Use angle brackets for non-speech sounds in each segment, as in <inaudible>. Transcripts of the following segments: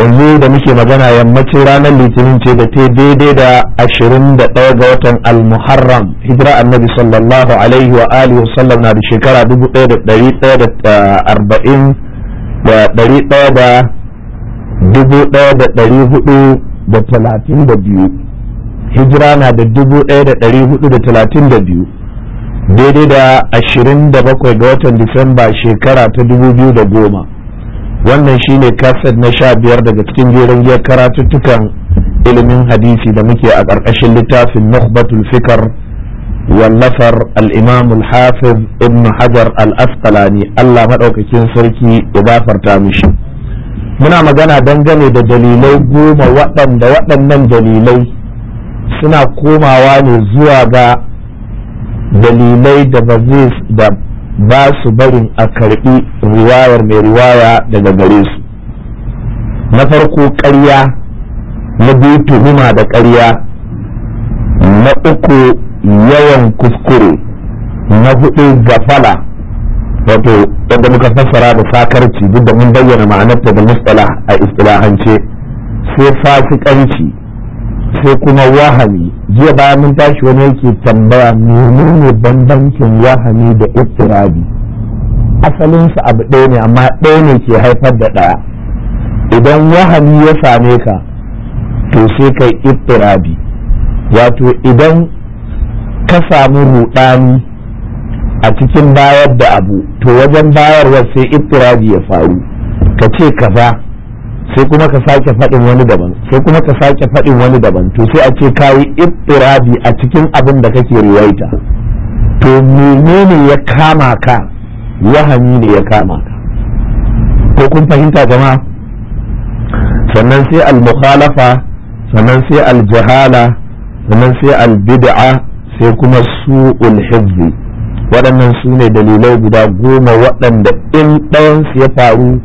yanzu da muke magana yammacin ranar litinin ce da ta daidai da ashirin da ɗaya ga watan al-muharram hijira annabi sallallahu alaihi wa alihi wasallam na da shekara dubu ɗaya da ɗari ɗaya da ah, arba'in da ɗari ɗaya da dubu ɗaya da ɗari hudu da talatin da biyu hijira na da dubu ɗaya da ɗari hudu da talatin da biyu daidai da ashirin da bakwai ga watan disamba shekara ta dubu biyu da goma wannan shine kaset na sha biyar daga cikin jerin giyar karatuttukan ilimin hadisi da muke a ƙarƙashin littafin nukhbatul fikar wallafar al-imam al-hafiz ibn hajar al-asqalani Allah madaukakin sarki ya gafarta mishi muna magana dangane da dalilai goma waɗanda waɗannan dalilai suna komawa ne zuwa ga dalilai da bazis da ba su barin a karbi riwayar mai riwaya daga gare su na farko ƙarya na biyu tuhuma da ƙarya na uku yawan kuskure na hudu gafala wato yadda muka fassara da sakarci duk da mun bayyana ma'anarta da mustala a istilahance sai fasikanci sai kuma wahali, jiya bayan mun tashi wani yake tambaya menene bambancin wahali da iftirabi asalinsa abu ɗaya ne amma ɗaya ne ke haifar da ɗaya idan wahali ya same ka to sai kai iftirabi wato idan ka samu ruɗani a cikin bayar da abu to wajen bayarwa sai iftirabi ya faru ka ce kaza sai kuma ka sake faɗin wani daban sai kuma ka sake faɗin wani daban to sai a ce kayi ibtirabi a cikin abin da kake riwaita to menene ya kama ka wahami ne ya kama ka ko kun fahimta jama'a sannan sai al-mukhalafa sannan sai al-jahala sannan sai al-bid'a sai kuma su'ul hizbi waɗannan su ne dalilai guda goma waɗanda in su ya faru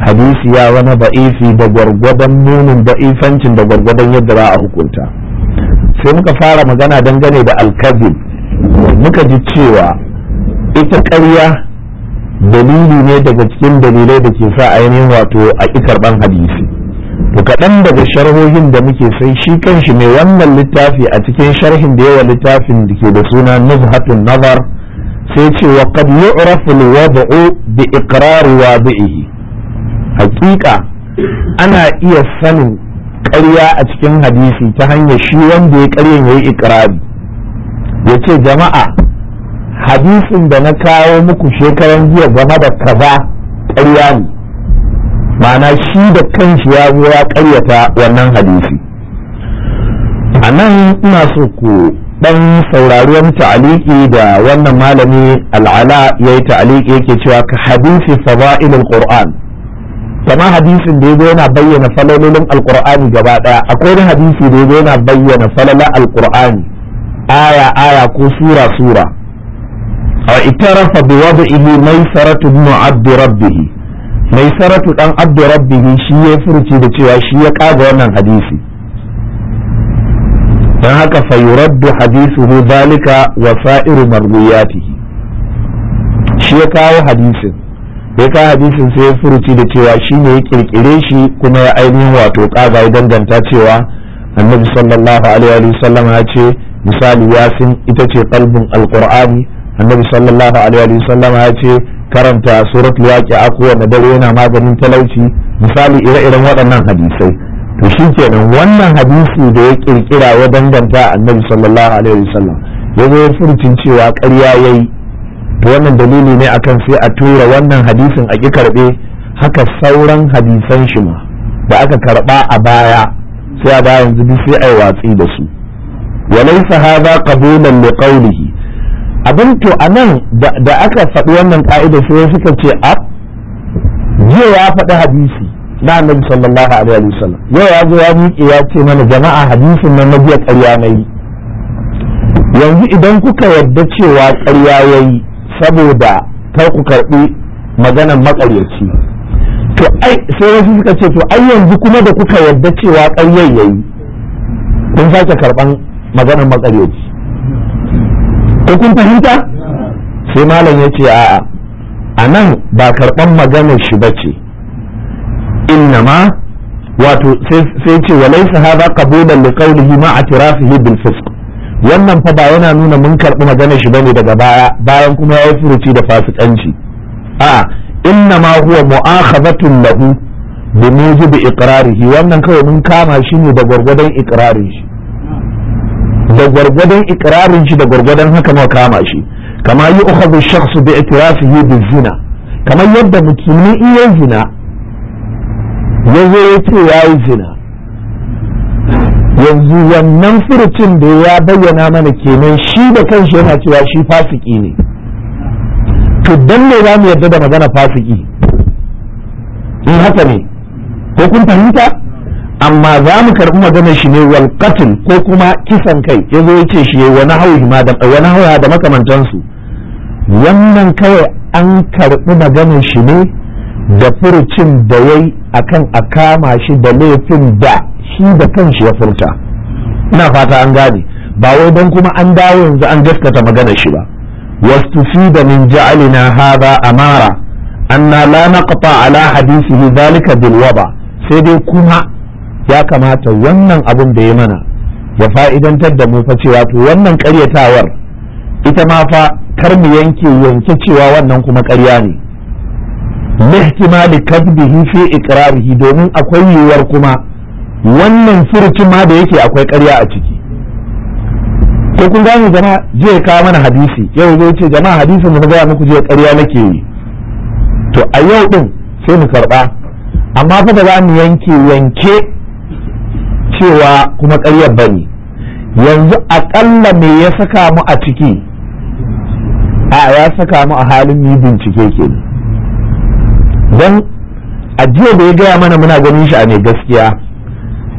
hadisi ya wani ba'ifi da gwargwadon munin ba'ifancin da gwargwadon yadda za a hukunta sai muka fara magana dangane da alkazib muka ji cewa ita ƙarya dalili ne daga cikin dalilai da ke sa ainihin wato a ƙi karɓan hadisi to kaɗan daga sharhohin da muke sai shi kanshi mai wannan littafi a cikin sharhin da yawa littafin da ke da suna nuzhatun nazar sai ce wa qad yu'rafu al-wad'u bi iqrar wadihi hakika ana iya sanin ƙarya a cikin hadisi ta hanyar shi wanda ya ƙarya ya yi ikirari ya ce jama'a hadisin da na kawo muku shekaran jiya game da kaza ƙarya ne ma'ana shi da kanshi ya zo ya ƙaryata wannan hadisi a nan ina so ku dan saurari wani ta'aliki da wannan malami al'ala ya yi ta'aliki yake cewa ka hadisi fada'ilul qur'an kama hadisin da yazo yana bayyana falalolin alqur'ani gaba daya akwai hadisi da yazo yana bayyana falalan alqur'ani aya aya ko sura sura a itarafa bi wad'ihi maisaratu ibn abd rabbih maisaratu dan abd rabbih shi ya furci da cewa shi ya kaga wannan hadisi dan haka fa yuraddu hadithuhu dalika wa sa'iru marwiyatihi shi ya kawo hadisin bai ka hadisin sai ya furuci da cewa shi ne ya kirkire shi kuma ya ainihin wato kaga ya danganta cewa annabi sallallahu alaihi wa sallam ya ce misali yasin ita ce kalbin alqur'ani annabi sallallahu alaihi wa sallam ya ce karanta yaqi waqi'a kowanne dare yana maganin talauci misali ire-iren waɗannan hadisai to shi kenan wannan hadisi da ya kirkira ya danganta annabi sallallahu alaihi wasallam ya zo cewa ƙarya yayi to wannan dalili ne akan sai a tura wannan hadisin a ki karɓe? haka sauran hadisan shi ma da aka karba a baya sai a bayan zubi sai a yi watsi da su walaysa hadha qabulan li qawlihi abin to anan da aka faɗi wannan ka'ida sai suka ce a jiya ya faɗi hadisi na annabi sallallahu alaihi wasallam yau ya zo ya miƙe ya ce mana jama'a hadisin nan na jiya ƙarya na yi yanzu idan kuka yarda cewa ƙarya ya yi saboda kar ku karɓi maganan maƙaryaci to ai sai wasu suka ce to ai yanzu kuma da kuka yarda cewa ƙaryar yayi kun sake karban maganan maƙaryaci ko kun fahimta sai malam ya ce a'a a nan ba karban maganar shi ba ce innama wato sai ce wa laysa qabulan liqawlihi qawlihi ma a bil fisq wannan fa ba yana nuna mun karɓi maganar shi bane daga baya bayan kuma ya yi furuci da fasikanci a inna ma huwa mu'akhadatun lahu bi mujibi iqrarihi wannan kawai mun kama shi ne da gurgurdan iqrarin shi da gurgurdan iqrarin shi da gurgurdan haka muka kama shi kama yi ukhadhu shakhsu bi itirafihi bi zina kamar yadda mutum ne iya zina ya zo ya ce ya yi zina yanzu wannan furucin da ya bayyana mana kenan shi da kanshi yana cewa shi fasiki ne to dan ne za mu yarda da magana fasiki in eh, haka ne ko kun fahimta amma za mu karɓi maganar shi ne wal ko kuma kisan kai ya zo ya ce shi ya wani hauhi ma da wani da makamantansu wannan kawai an karɓi maganar shi ne da furucin da ya yi a kan a kama shi da laifin da shi da kanshi ya furta ina fata an gane ba wai don kuma an dawo yanzu an gaskata magana shi ba wasu fi da min ja'alina hadha amara anna la naqta ala hadisihi dhalika bil waba sai dai kuma ya kamata wannan abin da ya mana ya fa'idantar da mu fa cewa to wannan karyatawar ita ma fa kar mu yanke yanke cewa wannan kuma karya ne lihtimali kadbihi fi iqrarihi domin akwai yiwuwar kuma wannan furucin ma da yake akwai ƙarya a ciki to kun gane jama'a jiya kawo mana hadisi yau zai ce jama'a hadisin mu ga muku je ƙarya nake yi to a yau din sai mu karba amma fa da za mu yanke yanke cewa kuma ƙaryar bane yanzu aƙalla me ya saka mu a ciki a ya saka mu a halin yi bincike kenan don a jiya da ya gaya mana muna ganin shi a mai gaskiya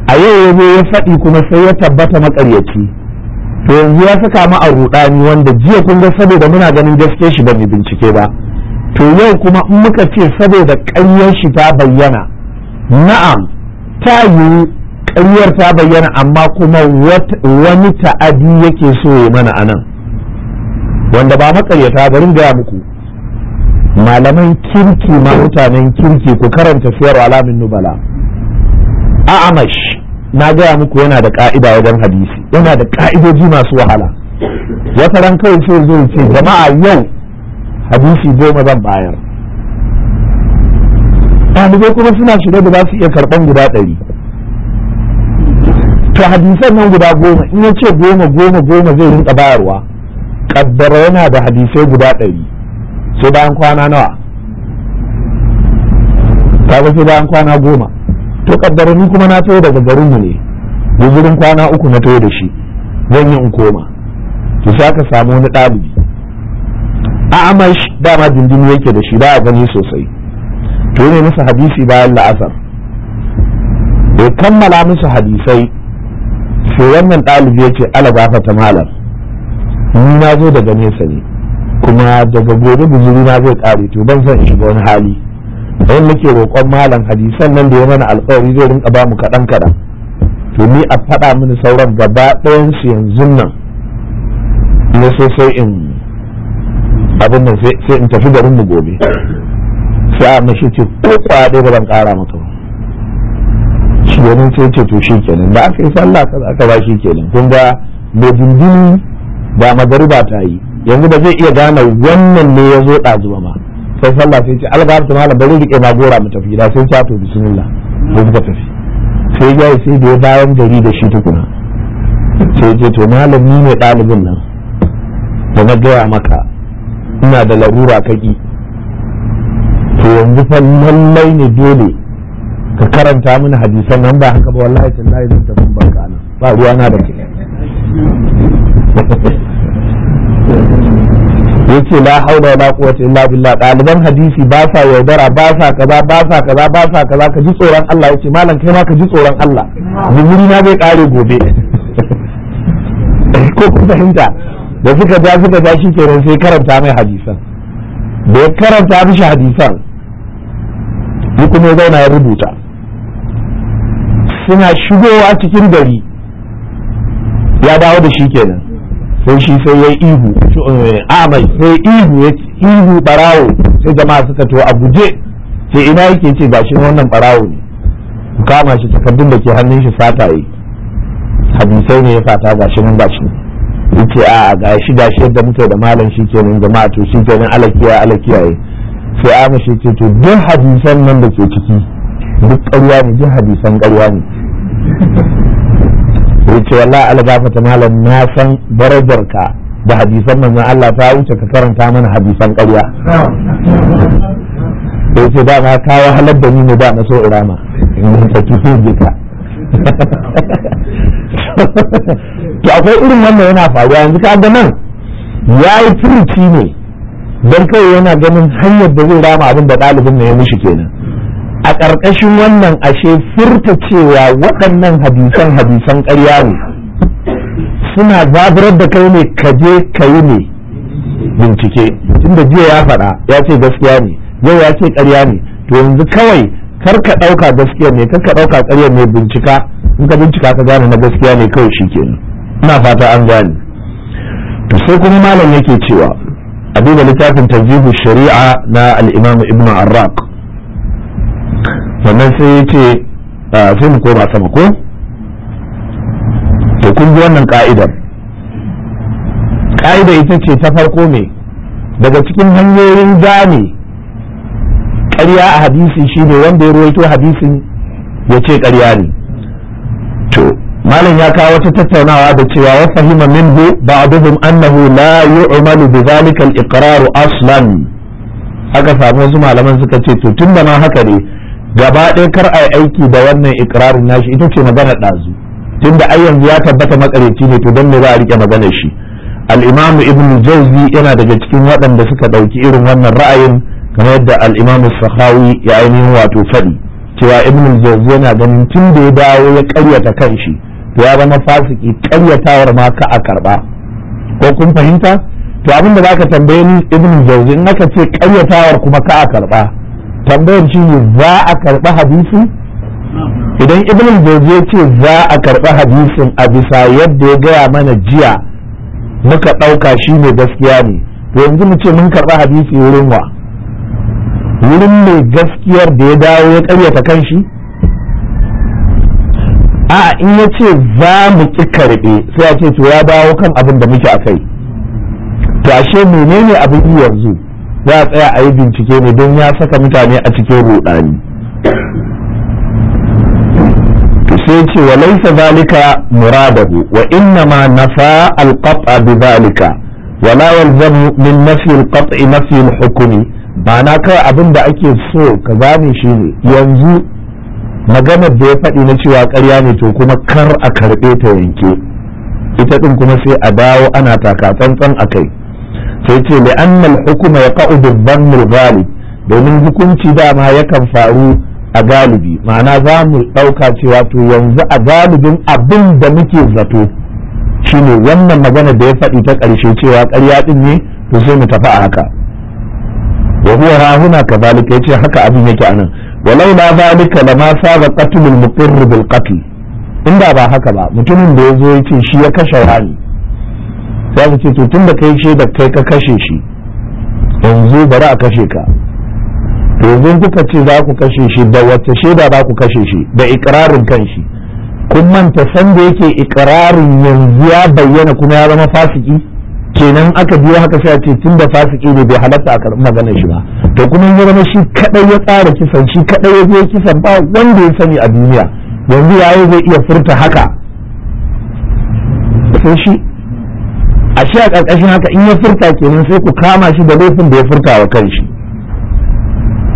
a yau ya zo ya faɗi kuma sai ya tabbata maƙaryaci to yanzu ya saka mu a ruɗani wanda jiya kun ga saboda muna ganin gaskiyar shi ba mai bincike ba to yau kuma in muka ce saboda ƙaryar shi ta bayyana na'am ta yiwu ƙaryar ta bayyana amma kuma wani ta'adi yake so ya mana anan wanda ba maƙaryata barin gaya muku malaman kirki ma mutanen kirki ku karanta siyar alamin nubala a amash na gaya muku yana da ka'ida wajen hadisi yana da ka'idoji masu wahala wata ran kawai sai zai ce jama'a yau hadisi goma zan bayar ɗalibai kuma suna shirye da za su iya karɓan guda ɗari to hadisan nan guda goma in ya ce goma goma goma zai rinka bayarwa ƙaddara yana da hadisai guda ɗari sai bayan kwana nawa kaga sai bayan kwana goma to kaddara ni kuma na tayo daga garin mu ne gurin kwana uku na tayo da shi zan yi in koma to sai ka samu wani ɗalibi a amash dama dindini yake da shi ba a gani sosai to ne masa hadisi bayan la'asar bai kammala musu hadisai sai wannan ɗalibi ya ce ala ta malam ni na zo daga nesa ne kuma daga gobe guzuri na zai kare to ban san shiga wani hali don nake roƙon malam hadisan nan da ya mana alƙawari zai rinka ba mu kaɗan kaɗan to ni a faɗa mini sauran gaba ɗayan su yanzu nan na sai sai in abin nan sai in tafi garin mu gobe sai a mashi ce ko kwaɗe ba ban ƙara maka ba shi wani sai ce to shi kenan da aka yi sallah aka ba shi kenan kun ga mai dindini ba magariba ta yi yanzu ba zai iya gane wannan ne ya zo ɗazu ba sai sallah sai ce algar ta malam bari rike ma gora mu tafi da sai ta to bismillah ko kuka tafi sai ya sai da ya bayan gari da shi tukuna sai ce to malami ne ɗalibin nan da na gaya maka ina da larura kaki to yanzu fa lallai ne dole ka karanta mini hadisan nan ba haka ba wallahi tallahi zan tafi barka nan ba ruwa na da ke ya ce la haula wala quwwata illa billah ɗaliban hadisi ba sa yaudara ba sa kaza ba sa kaza ba sa kaza ka ji tsoron Allah yace malam kai ma ka ji tsoron Allah zumuri na bai kare gobe <laughs> ko ku fahimta da suka ja suka ja shi kenan sai karanta mai hadisan da ya karanta mishi hadisan ni kuma zauna ya rubuta suna shigowa cikin gari ya dawo da shi kenan sai shi sai ya ihu eh, amai sai ihu ya ihu barawo sai jama'a suka to a guje ce ina yake ce ba shi wannan barawo ne ku kama shi takardun da ke hannun shi sata yi hadisai ne ya fata ga shi nan ba shi yace a ga shi ga shi yadda muke da malam shi ke nan jama'a to shi nan alakiya alakiya yi sai amma shi ce to duk hadisan nan da ke ciki duk ƙarya ne duk hadisan ƙarya ne sai ce wallahi ba ta malam na san darajar ka da hadisan manzon Allah ta wuce ka karanta mana hadisan ƙarya sai ce dama ka halar da ni ne da na so irama in ta kifi ka. to akwai irin wannan yana faruwa yanzu ka ga nan ya yi ne don kai yana ganin hanyar da zai rama abin da ɗalibin ne ya mushi kenan a ƙarƙashin wannan ashe furta cewa waɗannan hadisan hadisan ƙarya ne suna zaburar da kai ne ka je ka yi ne bincike tunda jiya ya faɗa ya ce gaskiya ne yau ya ce ƙarya ne to yanzu kawai kar ka ɗauka gaskiya ne kar ka ɗauka ƙarya ne bincika in ka bincika ka gane na gaskiya ne kawai shi kenan ina fata an gane to sai kuma malam yake cewa a duba littafin tarjihu shari'a na al'imamu ibnu arraq sannan sai ya ce sai mu koma sama ko to kun ji wannan ka'idar ka'ida ita ce ta farko me daga cikin hanyoyin gane karya a hadisi shine wanda ya ruwaito hadisin ya ce ƙarya ne to malam ya kawo wata tattaunawa da cewa wa fahima minhu ba'dhum annahu la yu'malu bi dhalika al aslan aka samu wasu malaman suka ce to tun ma haka ne gaba ɗaya kar a yi aiki da wannan ikirarin nashi ita ce magana ɗazu tunda ai yanzu ya tabbata makareci ne to don me za a rike maganar shi al-imamu ibn jawzi yana daga cikin waɗanda suka ɗauki irin wannan ra'ayin kamar yadda al-imamu sahawi ya ainihin wato faɗi cewa ibn jawzi yana ganin tun da ya dawo ya ƙaryata kanshi to ya zama fasiki ƙaryatawar ma ka a karɓa ko kun fahimta to abin da zaka tambaye ni ibn jawzi in aka ce ƙaryatawar kuma ka a karɓa tambayar shi ne za a karɓi hadisi idan ibn jauzi ya ce za a karɓi hadisin a bisa yadda ya gaya mana jiya muka ɗauka shi ne gaskiya ne to yanzu mu ce mun karɓi hadisi wurin wa wurin mai gaskiyar da ya dawo ya karyata kan shi a in ya ce za mu ƙi karɓe sai a ce to ya dawo kan abin da muke a kai to ashe menene abin yanzu za a tsaya a yi bincike ne don ya saka mutane a cikin rudani sai ce wa laisa zalika muradahu wa inna ma nafa alqat'a bi zalika wa la yalzamu min nafi alqat'i nafi alhukmi ba na kai abin da ake so ka gane shi ne yanzu maganar da ya faɗi na cewa ƙarya ne to kuma kar a karɓe ta yanke ita ɗin kuma sai a dawo ana taka tsantsan a kai sai ce da annal hukuma ya ka'u dubban mulgali domin hukunci dama yakan faru a galibi ma'ana za mu ɗauka cewa to yanzu a galibin abin da muke zato shine wannan magana da ya faɗi ta ƙarshe cewa ƙarya ɗin ne to sai mu tafi a haka wa huwa rahuna ya yace haka abin yake anan walau la zalika ma saba qatlul muqirr bil qatl inda ba haka ba mutumin da yazo ce shi ya kashe rani za ka ce to tun da kai ce da kai ka kashe shi yanzu bari a kashe ka to yanzu kuka ce za ku kashe shi da wata shaida za ku kashe shi da ikirarin kan shi kun manta sanda yake ikirarin yanzu ya bayyana kuma ya zama fasiki kenan aka biyo haka sai a ce tun da fasiki ne bai halatta a karɓi maganar shi ba to kuma ya zama shi kadai ya tsara kisan shi kadai ya je kisan ba wanda ya sani a duniya yanzu yayi zai iya furta haka sai shi a shi a ƙarƙashin haka in ya furta kenan sai ku kama shi da laifin da ya furta wa kanshi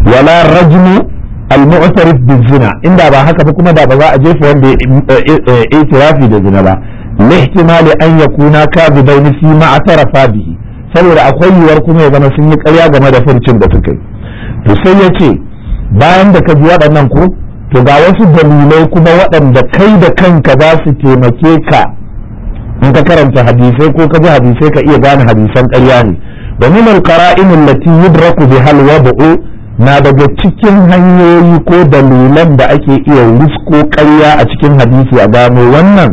wala rajmu al-mu'tarif bizina inda ba haka ba kuma da ba za a jefa wanda ya eh, eh, itirafi da zina ba la ihtimali an yakuna kadhibain fi ma atarafa bihi saboda akwai yiwuwar kuma ya zama sun yi ƙarya game da furcin da suka yi to sai ya ce bayan da ka ji waɗannan ku to ga wasu dalilai kuma waɗanda kai da kanka za su taimake ka in ka karanta hadisai ko ka ji hadisai ka iya gane hadisan ƙarya ne wa min alqara'in allati yudraku halwa wad'u na daga cikin hanyoyi ko dalilan da ake iya risko ƙarya a cikin hadisi a gano wannan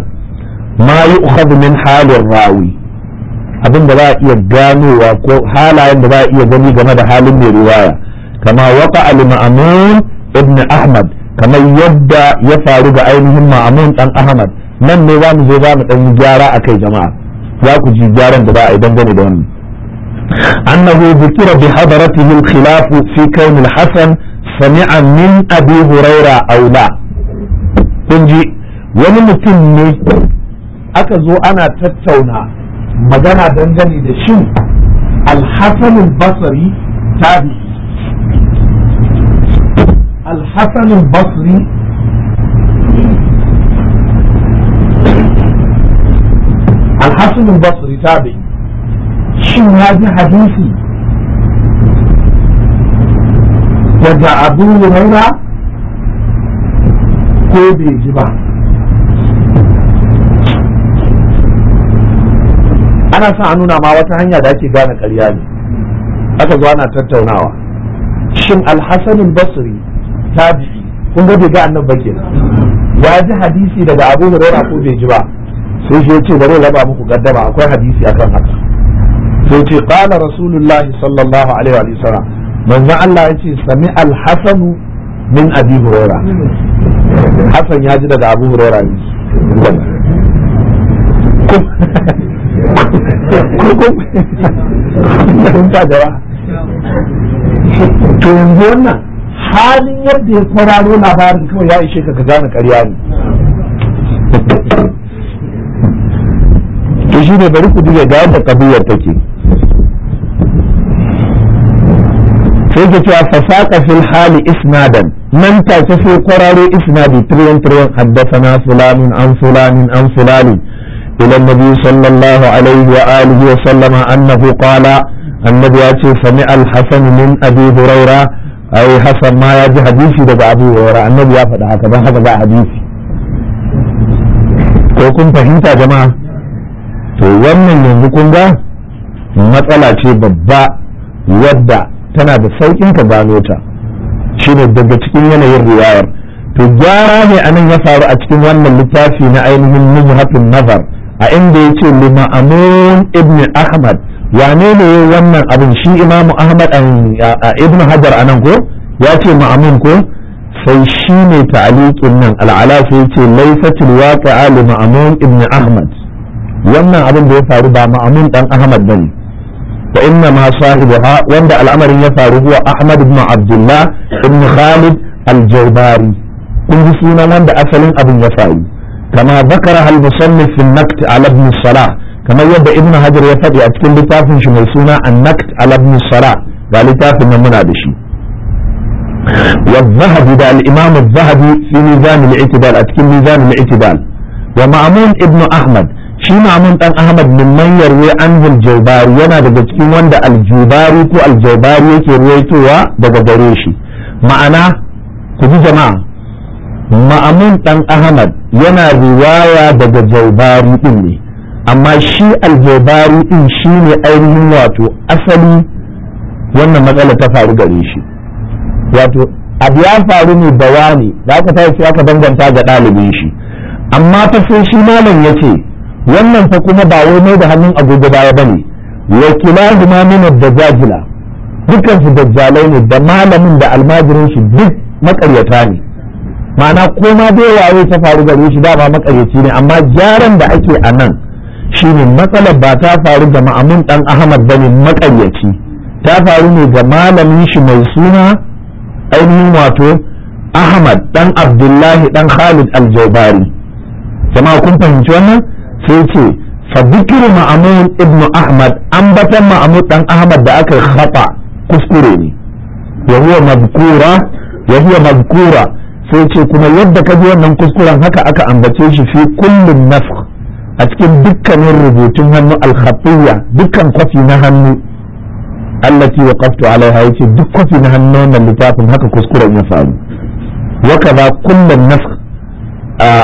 ma yi min halin rawi abin da za a iya ganowa ko halayen da za a iya gani game da halin mai riwaya kama waka Ali maamun ibn ahmad kamar yadda ya faru ga ainihin ma'amun ɗan ahmad nan ne wani mu zo za mu ɗan yi gyara a kai jama'a za ku ji gyaran da za a yi dangane da wani. annahu zikira bi hadaratihi al-khilaf fi kawn al-hasan sami'a min abi huraira Aula. kun ji wani mutum ne aka zo ana tattauna magana dangane da shin al-hasan al-basri tabi'i al-hasan al-basri الحسن البصري basri tabi shin حديثي وجاء hadisi daga كوبي huraira ko bai ji ba ana son a nuna ma wata hanya da ake gane karya ne aka zo ana tattaunawa shin alhassan al-basri tabi'i kun ga bai ga ya ji hadisi daga abu ko bai ji ba sai shi yace bari raba muku gaddama akwai hadisi akan haka sai ce qala rasulullahi sallallahu alaihi wa sallam manzo Allah yace sami al-hasan min abi hurairah hasan ya ji daga abu hurairah ne kun ta jawa to yanzu wannan halin yadda ya kwararo labarin kawai ya ishe ka ka gane karya ne to shi ne bari ku dige ga yadda kabiyar take sai ke cewa fasaka fil hali isnadan nan ce sai kwararo isnadi tiriyan tiriyan haddasana fulanin an fulanin an fulani sallallahu alaihi wa fulanin إلى النبي صلى الله عليه وآله وسلم أنه قال النبي أتي سمع الحسن من أبي هريرة أي حسن ما يجي حديثي دقى أبي faɗa haka don haka هكذا hadisi ko kun fahimta jama'a to wannan yanzu kun ga matsala ce babba wadda tana da saukin ka gano ta shine daga cikin yanayin riwayar to gyara ne anan ya faru a cikin wannan littafi na ainihin mujhatun nazar a inda ya ce lima amun ibn ahmad wane ne wannan abin shi imamu ahmad a ibn hajar anan ko ya ce ma'amun ko sai shi ne ta'aliƙin nan al'ala sai ce laifatul waqi'a li ma'amun ibn ahmad wannan abin da ya faru ba ma'amun dan ahmad bane wa inna ma sahibuha wanda al'amarin ya faru huwa ahmad ibn abdullah ibn khalid al-jawbari kun ji sunan wanda asalin abin ya faru kama zakara hal musannif fi nakt ala ibn salah kama yadda ibn hajar ya fadi a cikin littafin shi mai suna an-nakt ala ibn salah ga littafin nan muna da shi والذهبي ده الإمام الذهبي في ميزان الاعتدال أتكلم ميزان الاعتدال ومعمون ابن أحمد shi mamun dan ahmad bin manyar wai an jaubari yana daga cikin wanda aljubari ko aljaubari yake ruwaitowa daga gare shi ma'ana ku ji jama'a ma'amun dan ahmad yana riwaya daga jaubari din ne amma shi aljaubari din shi ne ainihin wato asali wannan matsala ta faru gare shi wato abu ya faru ne da wani da aka tashi aka danganta ga ɗalibin shi amma ta sai shi malam ya ce wannan fa kuma ba wai mai da hannun agogo baya bane wa kilahuma min dajajila dukkan su dajjalai ne da malamin da almajirin shi duk makaryata ne ma'ana koma dai waye ta faru gare shi da ba makaryaci ne amma gyaran da ake a nan shine matsalar ba ta faru ga ma'amun dan ahmad bane makaryaci ta faru ne ga malamin shi mai suna ainihin wato ahmad dan abdullahi dan khalid aljabari jama'a kun fahimci wannan sai ce fa dhikru ibnu ahmad ambatan ma'amun dan ahmad da aka khata kuskure ne ya huwa mazkura ya huwa mazkura sai ce kuma yadda ka ji wannan kuskuren haka aka ambace shi fi kullum nafkh a cikin dukkanin rubutun hannu al dukkan kwafi na hannu allati waqaftu alaiha yace duk kwafi na hannu wannan littafin haka kuskuren ya faru wa kaza kullun nafkh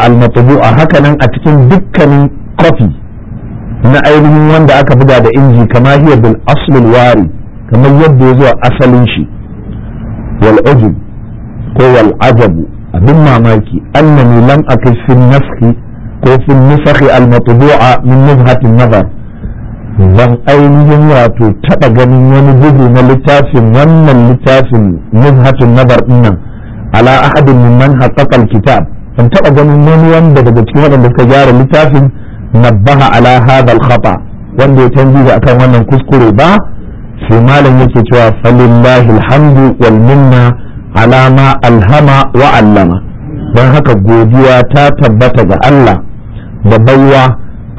al-matbu'a haka nan a cikin dukkanin kwafi na ainihin wanda aka buga da inji kama hiya bil aslul wari kamar yadda ya zuwa asalin shi wal ajib ko wal ajabu abin mamaki annani lam akai fi nafsi ko fi nusakhi al matbu'a min nuzhatin nazar ainihin wato taba ganin wani bugu na littafin wannan littafin nuzhatun nazar dinnan ala ahadin min man haqqaqa al kitab ban taba ganin wani wanda daga cikin waɗanda suka gyara littafin nabbaha ala hadha al-khata wanda ya canji da akan wannan kuskure ba sai malam yake cewa falillahi alhamdu wal minna ala ma alhama wa allama don haka godiya ta tabbata ga Allah da baiwa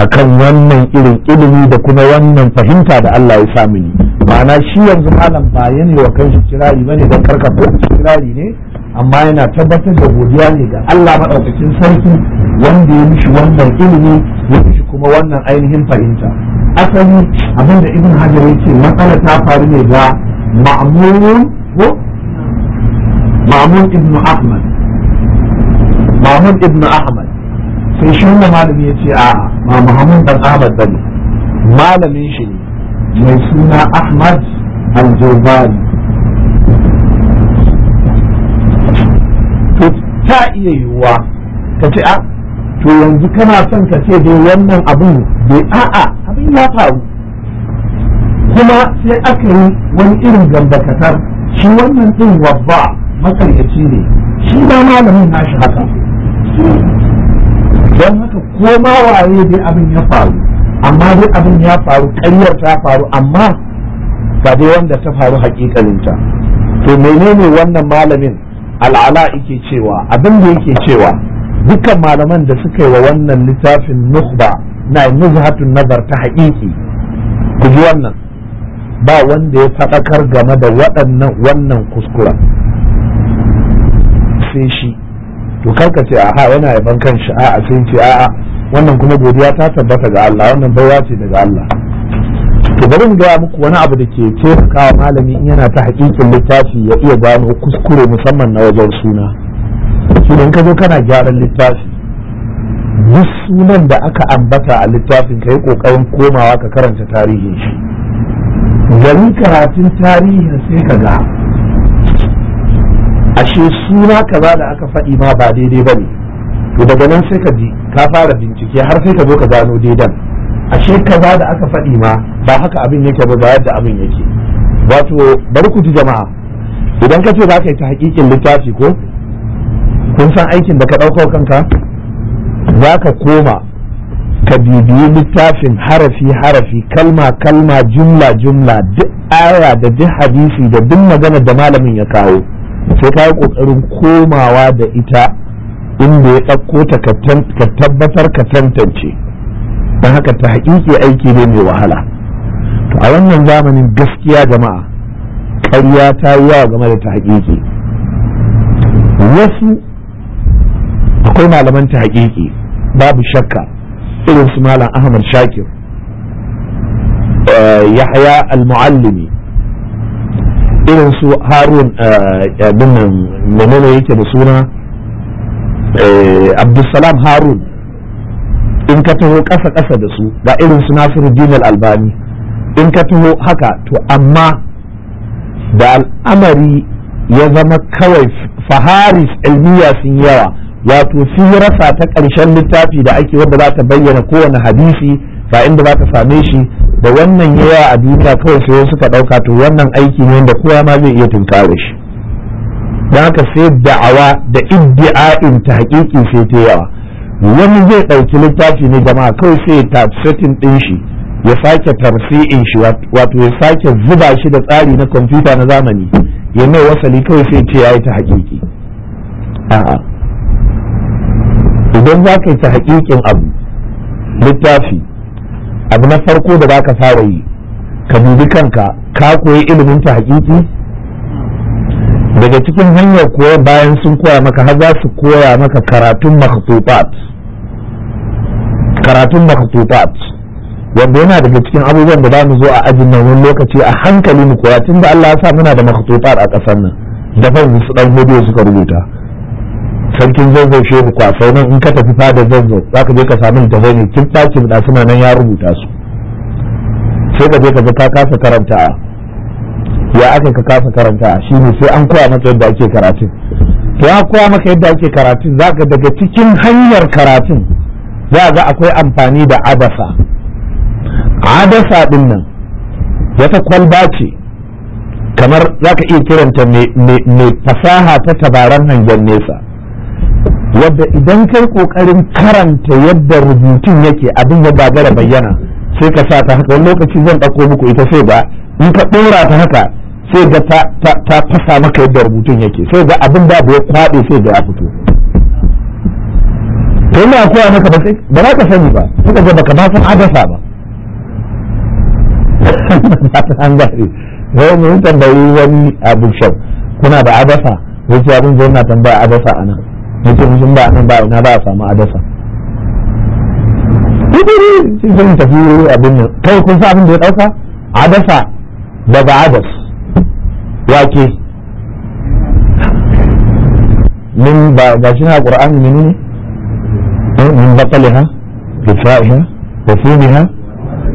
akan wannan irin ilimi da kuma wannan fahimta da Allah ya sa mini ma'ana shi yanzu malam ba yana wa kanshi kirari bane da karkato kirari ne amma yana tabbatar da godiya ne ga Allah maɗaukakin sarki wanda ya mishi wannan ilimi ya mishi kuma wannan ainihin fahimta asali da ibn hajar yake matsala ta faru ne ga ma'mun ko ma'mun ibn ahmad ma'mun ibn ahmad sai shi wannan malami ya ce a ma muhammad dan ahmad bane malamin shi ne mai suna ahmad al-jawbani to ta iya yiwuwa ka ce a to yanzu kana son ka ce dai wannan abin bai a'a abin ya faru kuma sai aka yi wani irin gambakatar shi wannan din wabba makaryaci ne shi ma malamin nashi haka don haka ko ma waye dai abin ya faru amma dai abin ya faru karyar ta faru amma ba dai wanda ta faru hakikalinta to menene wannan malamin al'ala yake cewa abin da yake cewa dukkan malaman da suka yi wa wannan littafin nukba na nuzhatun nazar ta haƙiƙi ku ji wannan ba wanda ya faɗakar game da waɗannan wannan kuskura sai shi to karka ce aha yana yaban kan shi a sai ce a'a wannan kuma godiya ta tabbata ga Allah wannan baiwa ce daga Allah to bari mu gaya muku wani abu da ke taimakawa malami in yana ta hakikin littafi ya iya gano kuskure musamman na wajen suna shi ka zo kana gyaran littafi duk sunan da aka ambata a littafin ka yi kokarin komawa ka karanta tarihin shi gari karatun tarihin sai ka ga ashe suna kaza da aka faɗi ma ba daidai ba ne to daga nan sai ka ka fara bincike har sai ka zo ka gano daidan ashe kaza da aka faɗi ma ba haka abin yake ba ba yadda abin yake wato bari ku ji jama'a idan ka ce za ka yi ta hakikin littafi ko kun san aikin da ka ɗauko kanka za ka koma ka bibiyi littafin harafi harafi kalma kalma jumla jumla duk aya da duk hadisi da duk magana da malamin ya kawo sai ka yi ƙoƙarin komawa da ita inda ya ɗauko ta ka tabbatar ka tantance don haka ta haƙiƙi aiki ne mai wahala to a wannan zamanin gaskiya jama'a ƙarya ta yi yawa game da ta haƙiƙi wasu akwai malaman ta babu shakka irin su malam ahmad shakir eh, yahya al-mu'allimi irin su harun eh, binnan menene yake da suna eh, abdulsalam harun in ka taho ƙasa ƙasa da su ga irin su Nasiruddin Albani in ka taho haka to amma da al'amari ya zama kawai faharis ilmiya sun yawa wato rasa ta ƙarshen littafi da ake wanda za ta bayyana kowane hadisi ga inda za ta same shi da wannan yawa a duniya kawai sai suka ɗauka to wannan aiki ne da kowa ma zai iya tunkare shi don haka sai da'awa da iddi'a'in ta haƙiƙi sai ta yawa wani zai ɗauki littafi ne jama'a kawai sai ta typesetting ɗin shi ya sake tarsi'in shi wato ya sake zuba shi da tsari na kwamfuta na zamani ya mai wasali kawai sai ce ya yi ta hakiki idan za ka yi ta hakikin abu littafi abu na farko da za ka fara yi ka dubi kanka ka koyi ilimin ta hakiki daga cikin hanyar koya bayan sun koya maka har za su koya maka karatun makhtufat karatun makhtufat wanda yana daga cikin abubuwan da zamu zo a ajin nan wani lokaci a hankali mu koya tun da Allah ya sa muna da makhtufat a ƙasar nan da ban su dan hudu suka rubuta sarkin zazzau shehu kwasau nan in ka tafi fada zazzau za ka je ka samu da ne kin ɗakin da suna nan ya rubuta su sai ka je ka ga ka kasa karanta ya aka ka kafa karanta shi ne sai an koya maka yadda ake karatun to ya koya maka yadda ake karatun ka daga cikin hanyar karatun za ga akwai amfani da abasa adasa din nan wata kwalba ce kamar za ka iya kiranta mai fasaha ta tabaran hangen nesa wadda idan kai kokarin karanta yadda rubutun yake abin ya gagara bayyana sai ka sa ta haka wani lokaci zan ɗauko muku ita sai ba in ka ɗora ta haka sai ga ta fasa maka yadda rubutun yake sai ga abin da ya kwaɗe sai ga ya fito yi ina koya maka ba sai ba za ka sani ba suka ga baka ba san adasa ba an gari sai mun tambayi wani abu shau kuna da adasa ce abin zai na tambaya adasa a nan ce mun ba nan ba na ba a samu adasa kudiri sai tafi abin nan kai kun sa abin da ya ɗauka adasa daga adasa wake min ba ga shi na qur'ani ne. Eh, min baqaliha bifra'iha wa fumiha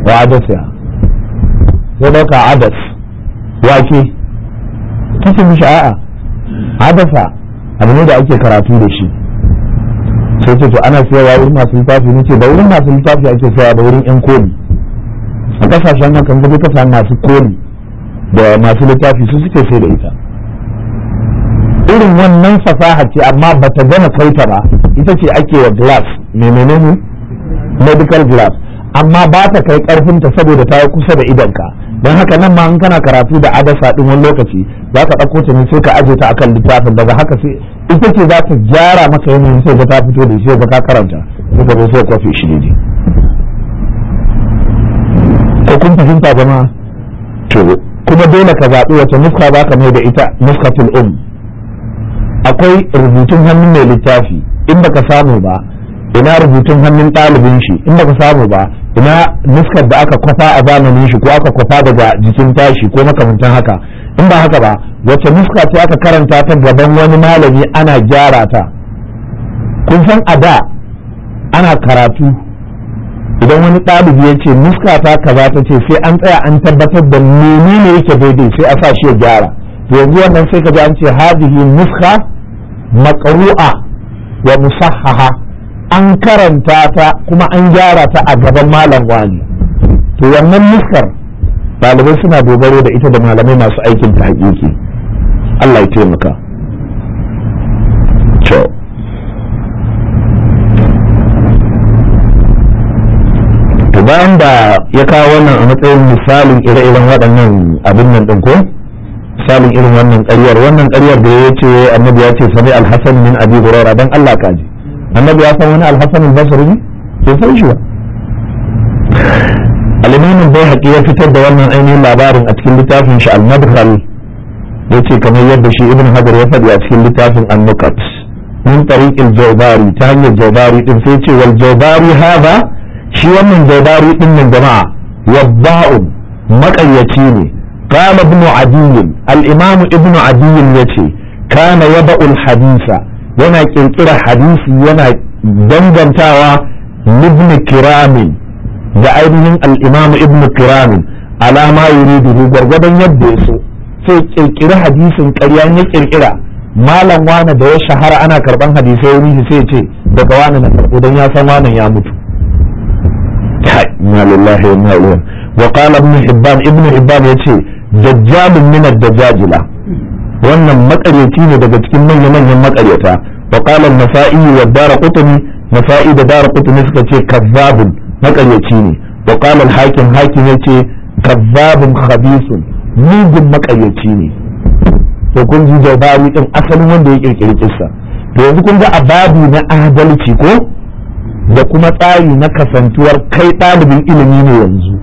wa adasiha ya ɗauka adas wake kike mishi a'a adasa abu ne da ake karatu da shi sai ce to ana siyarwa wurin masu littafi ce, da wurin masu littafi ake siyarwa da wurin yan koli a kasashen kan kuma kasa masu koli da masu littafi su suke sai da ita irin wannan fasaha ce amma ba ta gama kaita ba ita ce ake wa glass mai menene medical glass amma ba ta kai karfinta saboda ta kusa da idonka don haka nan ma in kana karatu da adasa din wani lokaci za ka ɗauko ta ne sai ka aje ta akan littafin daga haka sai ita ce za ta gyara maka yanayin sai ta fito da shi ka karanta sai ka zo sai fi shi ne ko kun fahimta jama'a to kuma dole ka zaɓi wace nuska za ka mai da ita nuskatul um akwai rubutun hannun mai littafi in ka samu ba ina rubutun hannun ɗalibin shi in ka samu ba ina nuskar da aka kwafa a zamanin shi ko aka kwafa daga jikin tashi ko makamantan haka in ba haka ba wace nuska ce aka karanta ta gaban wani malami ana gyara ta kun san a da ana karatu idan wani ɗalibi ya ce muska ta kaza ta ce sai an tsaya an tabbatar da menene yake daidai sai a sa shi ya gyara yanzu wannan sai ka ji an ce hadihi muska maqru'a wa musahhaha an karanta ta kuma an gyara ta a gaban malam wani to wannan muskar ɗalibai suna dogaro da ita da malamai masu aikin ta hakiki Allah ya taimaka bayan da ya kawo wannan a matsayin misalin ire-iren waɗannan abin nan ɗin ko misalin irin wannan ƙaryar wannan ƙaryar da ya ce annabi ya ce sami alhassan min abi hurara dan Allah ka ji annabi ya san wani alhassan al-basri ne to sai shi ba al bai bayhaqi ya fitar da wannan ainihin labarin a cikin littafin shi al Ya ce kamar yadda shi ibn hajar ya faɗi a cikin littafin an-nukat min tariq al-jawbari ta hanyar jawbari din sai ce wal jawbari hadha shi wannan zaubari din nan jama'a Wabba'u maƙaryaci ne qala ibn adiy ibnu imam ya ce. kana yaba'ul hadisa yana ƙirƙira hadisi yana dangantawa ibn kiramin da ainihin al'imamu Ibnu Kirami. kiramin alama yuridu gwargwadon yadda ya so sai hadisin ƙarya ya ƙirƙira. malam wane da ya shahara ana karban hadisai wani sai ce daga wani na karɓo don ya san wanan ya mutu kai na lillahi wa inna ilaihi wa qala ibn hibban yace dajjalun dajajila wannan maƙaryaci ne daga cikin manyan manyan makaryata wa qala an-nasa'i wa darqutni nasa'i da darqutni suka ce kazzabun makaryaci ne wa qala al-hakim hakim yace kazzabun khabisun mugun makaryaci ne to kun ji jawabari din asalin wanda ya kirkiri kissa to yanzu kun ga ababi na adalci ko da kuma tsari na kasantuwar kai ɗalibin ilimi ne yanzu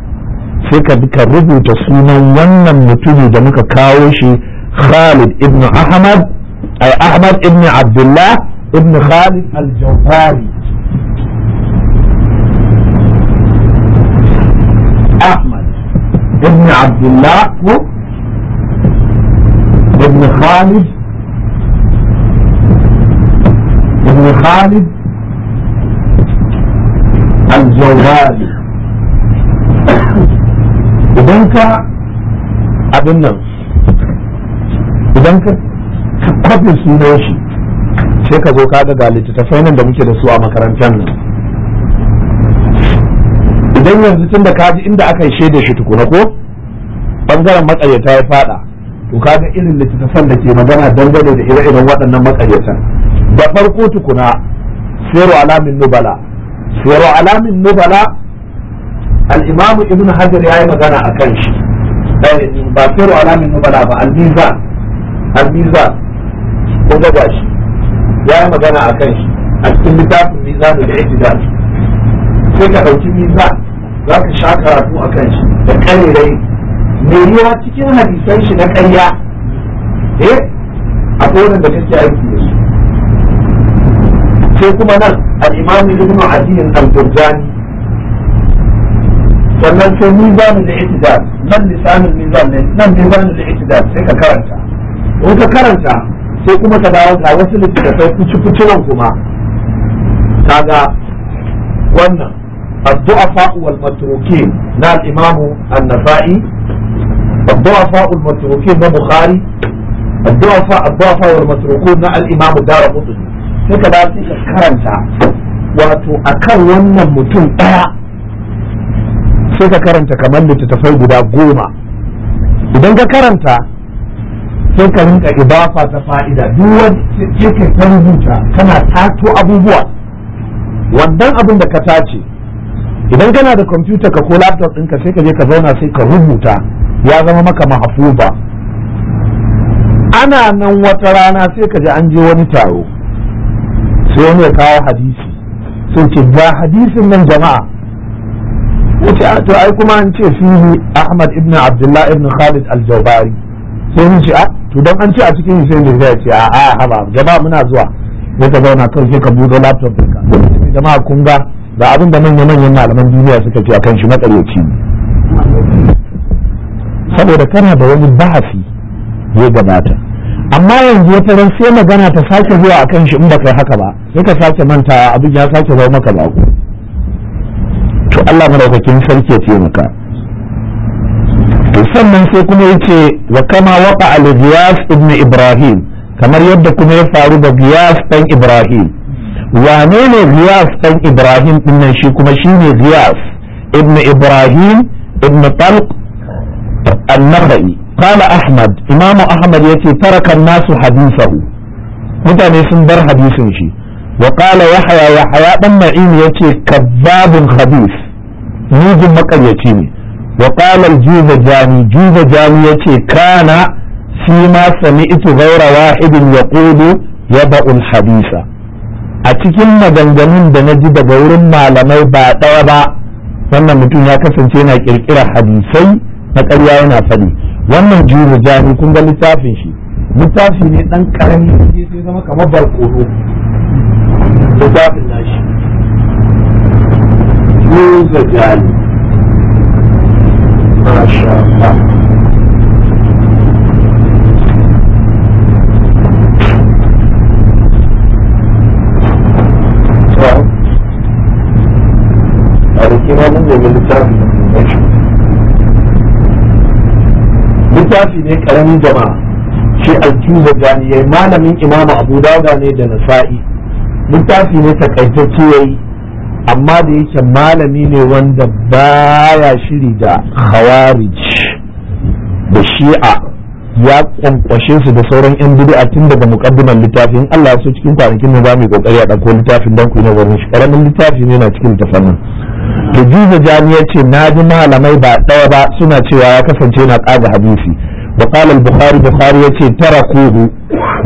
sai ka bi ka rubuta sunan wannan mutumi da muka kawo shi Khalid ibn Ahmad ay Ahmad ibn Abdullah ibn Khalid al-Jawhari ابن عبد الله ابن خالد ابن خالد الجواب idan ka abin nan idan ka sunan shi sai ka zo ka ga littattafai nan da muke da su a makarantar nan idan yanzu tun da kaji inda aka yi shaida shi tukuna ko bangaren matsayyata ya fada to ka ga irin littattafan da ke magana dangane da ire-iren waɗannan matsayyatan da farko tukuna sayarwa alamin nubala siyar alamin nubala al'imamu ibn hajar ya yi magana a kan shi ba siyar alamin nubala ba al-mizan al-mizan ya yi magana a kan shi a cikin littafin mizan da sai ka ɗauki mizan za ka sha karatu a kan shi da yiwa cikin hadisan shi na ƙarya eh akwai kake aiki da sai kuma nan al-imam ibn aziz al-jurjani sannan sai mizanul i'tidal nan lisanul mizan ne nan i'tidal sai ka karanta in ka karanta sai kuma ka dawo ga wasu littattafai kuci kucinan kuma kaga wannan الضعفاء والمتروكين نا الإمام النفائي الضعفاء والمتروكين نا بخاري الضعفاء الضعفاء والمتروكون نا الإمام دار قطني suka ba su karanta wato a kan wannan mutum ɗaya sai ka karanta kamar littattafai guda goma idan ka karanta sai ka rinka ibafa ta fa'ida duk wani ta rubuta kana tato abubuwa wannan abin da ka tace idan kana da kwamfuta ka ko laptop ɗinka sai ka je ka zauna sai ka rubuta ya zama maka mahafuba ana nan wata rana sai ka ji an je wani taro sai wani ya kawo hadisi sai ce ga hadisin nan jama'a wuce to ai kuma an ce fihi Ahmad ibn Abdullah ibn Khalid al-Jawbari sai mun ce a to dan an ce a cikin sai ne zai ce a a haba jama'a muna zuwa sai ka zauna kai sai ka buɗe laptop ɗinka jama'a kun ga da abin da manya manyan malaman duniya suka ce akan shi makaryaci saboda kana da wani bahasi ya gabata amma yanzu wata ran sai magana ta sake zuwa a kan shi in ba kai haka ba sai ka sake manta abin ya sake zuwa maka ku. to Allah madaukakin sarki ya maka to sannan sai kuma yace wa kama waqa al ibn Ibrahim kamar yadda kuma ya faru da ziyas dan Ibrahim wane ne ziyas dan Ibrahim din nan shi kuma shine ziyas ibn Ibrahim ibn Talq an nabawi قال أحمد إمام أحمد يتي ترك الناس حديثه متى sun bar hadisin shi وقال يحيى يحيى بن معين يتي كذاب خبيث نيجي مقريتي وقال الجوزجاني جوزجاني يتي كان فيما سمعت غير واحد يقول يبأ الحديث a cikin maganganun da na ji daga wurin malamai ba ɗaya ba wannan mutum ya kasance yana ƙirƙirar hadisai na ƙarya yana faɗi wannan juru jani kun ga littafin shi littafi ne dan karami sai zama kamar barkono littafin nashi juru jani masha Allah a rikima mun gobe littafin littafi ne karamin jama'a shi aljuza gani yi malamin imamu abu dauda ne da nasa'i littafi ne takaitacce yayi amma da yake malami ne wanda baya shiri da khawarij da shi'a ya kwankwashe su da sauran yan bid'a tun daga muqaddimar littafin Allah ya so cikin kwanakin nan mu yi kokari a dauko littafin dan ku ne wurin shi karamin littafi ne na cikin tafannin to jiza jami ya ce na ji malamai ba ɗaya ba suna cewa ya kasance na ƙaga hadisi wa qala bukhari bukhari ya ce tarakuhu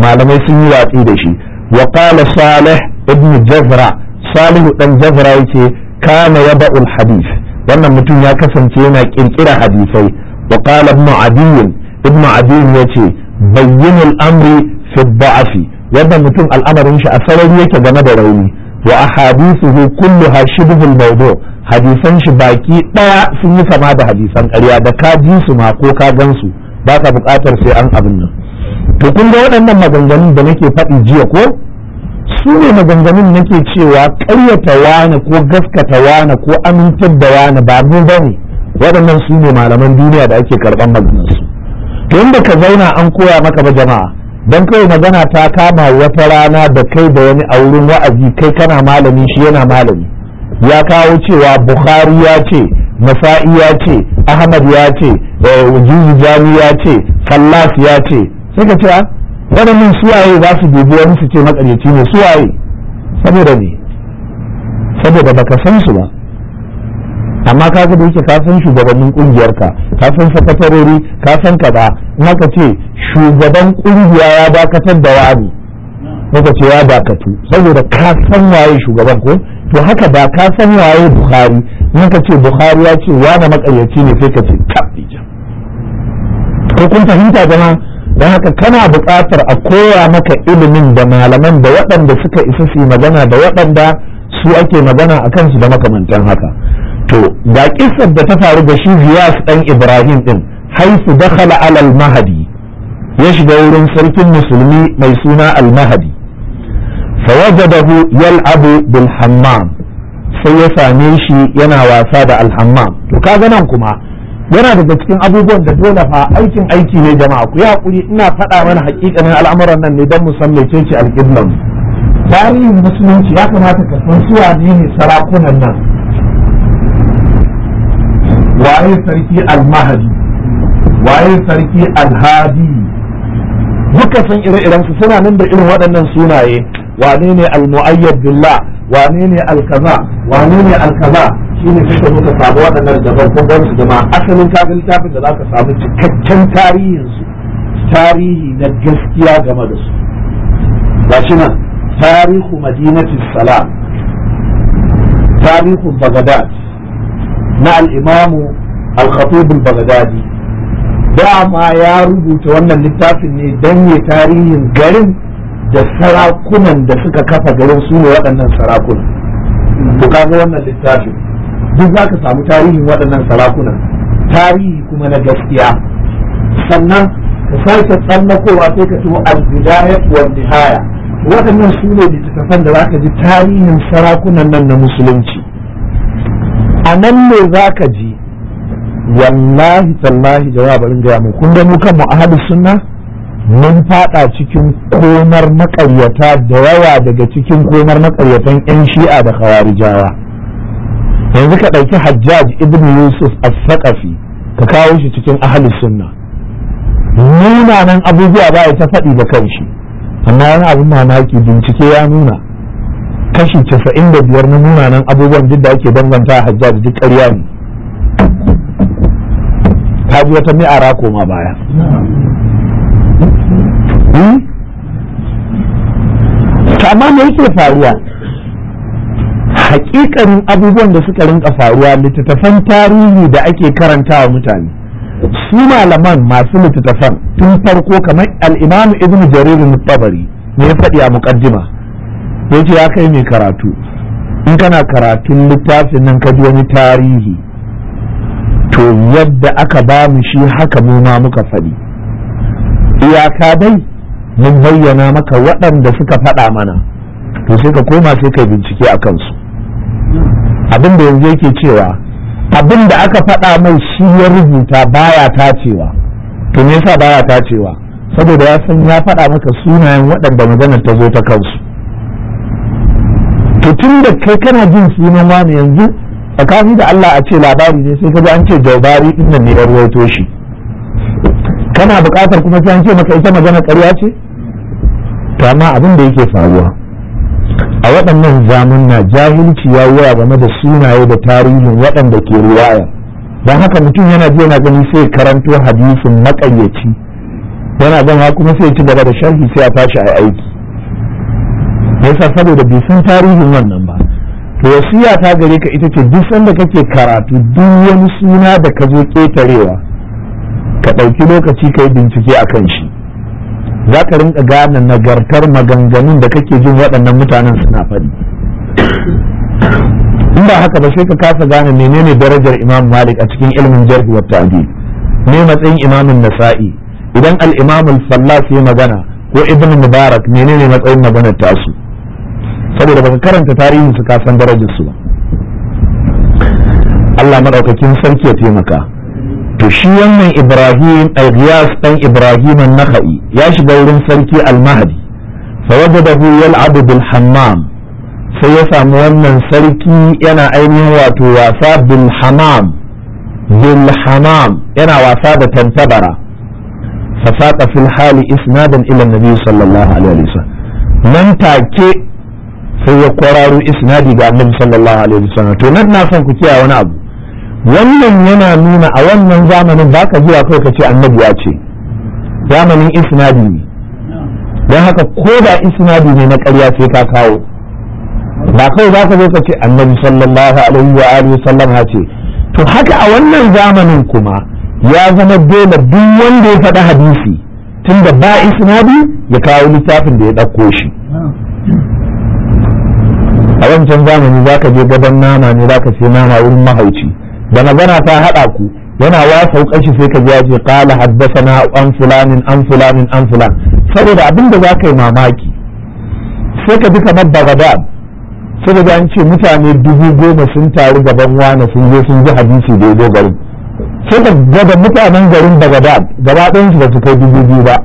malamai sun yi watsi da shi wa qala salih ibn jazra salih dan jazra yake kana yaba'ul hadith wannan mutum ya kasance yana kirkira hadisai wa qala ibn adiy ibn adiy yace bayyinul amri fi da'afi yadda mutum al'amarin shi a sarari yake game da rauni wa ahadithuhu kulluha al mawdu hadisan shi baki daya sun yi kama da hadisan ƙarya da ka ji su ma ko ka gan su ba ka buƙatar sai an abin nan to kun ga waɗannan maganganun da nake faɗi jiya ko su ne maganganun nake cewa ƙaryata wani ko gaskata wani ko amintar da wani ba mu ba waɗannan su ne malaman duniya da ake karɓar su to inda ka zauna an koya maka ba jama'a don kawai magana ta kama wata rana da kai da wani a wurin wa'azi kai kana malami shi yana malami ya kawo cewa bukhari ya ce nasa'i ya ce ahmad ya ce eh, jami ya ce fallas ya ce sai ka ce ah, waɗannan suwaye za su dubi wani su ce makaryaci ne suwaye saboda ne saboda baka san su ba amma ka da yake ka san shugabannin kungiyarka ka san sakatarori ka san kaza ka ce shugaban kungiya ya dakatar da wani ka ce ya dakatu saboda ka san waye shugaban ko to haka ba ka san waye buhari ka ce buhari ya ce wani makaryaci ne sai ka ce ka. ko kun fahimta jama'a don haka kana buƙatar a koya maka ilimin da malaman da waɗanda suka isa su magana da waɗanda su ake magana a kansu da makamantan haka to ga kissar da ta faru da shi Ziyas dan Ibrahim din haifu dakhala alal mahadi ya shiga wurin sarkin musulmi mai suna al mahadi fawajadahu yal'abu bil hammam sai ya same shi yana wasa da al hammam to kaga nan kuma yana daga cikin abubuwan da dole fa aikin aiki ne jama'a ku ya hakuri ina faɗa mana hakikanin al'amuran nan ne don mu san mecece alƙiblan tarihin musulunci ya kamata ka san suwa ne sarakunan nan waye sarki al-mahdi waye sarki al-hadi duka san ire-iren su suna nan da irin waɗannan sunaye wane ne al-mu'ayyad billah wane ne al-kaza wane ne al-kaza shine sai ka zo ka samu waɗannan daban kun gan su asalin kafin littafin da zaka samu cikakken tarihin su tarihi na gaskiya game da su gashi nan tarihu madinatu salam tarihu bagdad na al-imamu al-khatib al-baghdadi dama ya rubuta wannan littafin ne dan ya tarihin garin da sarakunan da suka kafa garin su ne waɗannan sarakuna to kaga wannan littafin duk za ka samu tarihin waɗannan sarakuna tarihi kuma na gaskiya sannan ka sake tsallakowa sai ka tuwo waɗannan su ne littattafan da za ka ji tarihin sarakunan nan na musulunci a nan ne za ka ji wallahi tallahi jama'a barin gaya mu kun ga mu kanmu ahadu sunna mun fada cikin komar makaryata da yawa daga cikin komar makaryatan yan shi'a da khawarijawa yanzu ka ɗauki hajjaj ibn yusuf as-saqafi ka kawo shi cikin ahli sunna nuna nan abubuwa ba ta faɗi da kanshi amma wani abin mamaki bincike ya nuna kashi casa'in da biyar na munanan abubuwan duk da ake danganta a hajjaj duk ƙarya ne ta ji wata ara koma baya hmm? ta amma me yake faruwa hakikanin abubuwan da suka rinka faruwa littattafan tarihi da ake karantawa mutane su malaman masu littattafan tun farko kamar al'imamu ibn Jaririn tabari ne ya faɗi a muƙaddima sai ce ya kai mai karatu in kana karatun littafin nan ka ji wani tarihi to yadda aka ba mu shi haka mu ma muka faɗi iyaka dai mun bayyana maka waɗanda suka faɗa mana to sai ka koma sai ka bincike a kansu abin da yanzu yake cewa abinda aka faɗa mai shi ya rubuta baya ta cewa to me yasa baya ta cewa saboda ya san ya faɗa maka sunayen waɗanda maganar ta zo ta kansu to da kai kana jin sunan wani yanzu tsakani da Allah a ce labari ne sai ka an ce jaubari din nan ne ya ruwaito shi kana bukatar kuma sai an ce maka ita magana ƙarya ce to amma abin da yake faruwa a waɗannan na jahilci ya wuya game da sunaye da tarihin waɗanda ke riwaya don haka mutum yana ji yana gani sai karanto hadisin maƙayyaci yana gama kuma sai ci gaba da sharhi sai a tashi a aiki yasa saboda bai san tarihin wannan ba to wasiya ta gare ka ita ce duk sanda kake karatu duk wani suna da ka zo ketarewa ka ɗauki lokaci ka yi bincike a kan shi za ka rinka gane nagartar maganganun da kake jin waɗannan mutanen suna faɗi in ba haka ba sai ka kasa gane menene darajar imam malik a cikin ilimin jarhi wa ta'dil ne matsayin imamin nasa'i idan al-imam al-fallas ya magana ko ibn mubarak menene matsayin maganar tasu saboda baka karanta tarihin su ka san darajar su Allah madaukakin sarki ya taimaka to shi wannan Ibrahim al-Ghiyas dan Ibrahim an-Nakhai ya shiga wurin sarki al-Mahdi fawajadahu yal'abu bil hammam sai ya samu wannan sarki yana ainihin wato wasa bil hamam bil yana wasa da tantabara fasaqa fil hali isnadan ila nabi sallallahu alaihi wasallam nan take sai ya kwararo isnadi ga annabi sallallahu alaihi wasallam to nan na son ku kiyaye wani abu wannan yana nuna a wannan zamanin ba ka zuwa kai ka ce annabi ya ce zamanin isnadi ne don haka ko da isnadi ne na ƙarya sai ka kawo ba kai za ka zo ka ce annabi sallallahu alaihi wa alihi wasallam ya ce to haka a wannan zamanin kuma ya zama dole duk wanda ya faɗi hadisi tunda ba isnadi ya kawo littafin da ya ɗauko shi a wancan zamani za ka je gadon nama ne za ka ce nama wurin mahauci da magana ta haɗa ku yana wasa shi sai ka ji aje kala haddasa na an fulanin an fulanin an fulan saboda abin da za ka yi mamaki sai ka bi kamar bagadad saboda an ce mutane dubu goma sun taru gaban wane sun zo sun ji hadisi ido garin sai ka gaba mutanen garin bagadad gaba ɗayansu ba su kai dubu biyu ba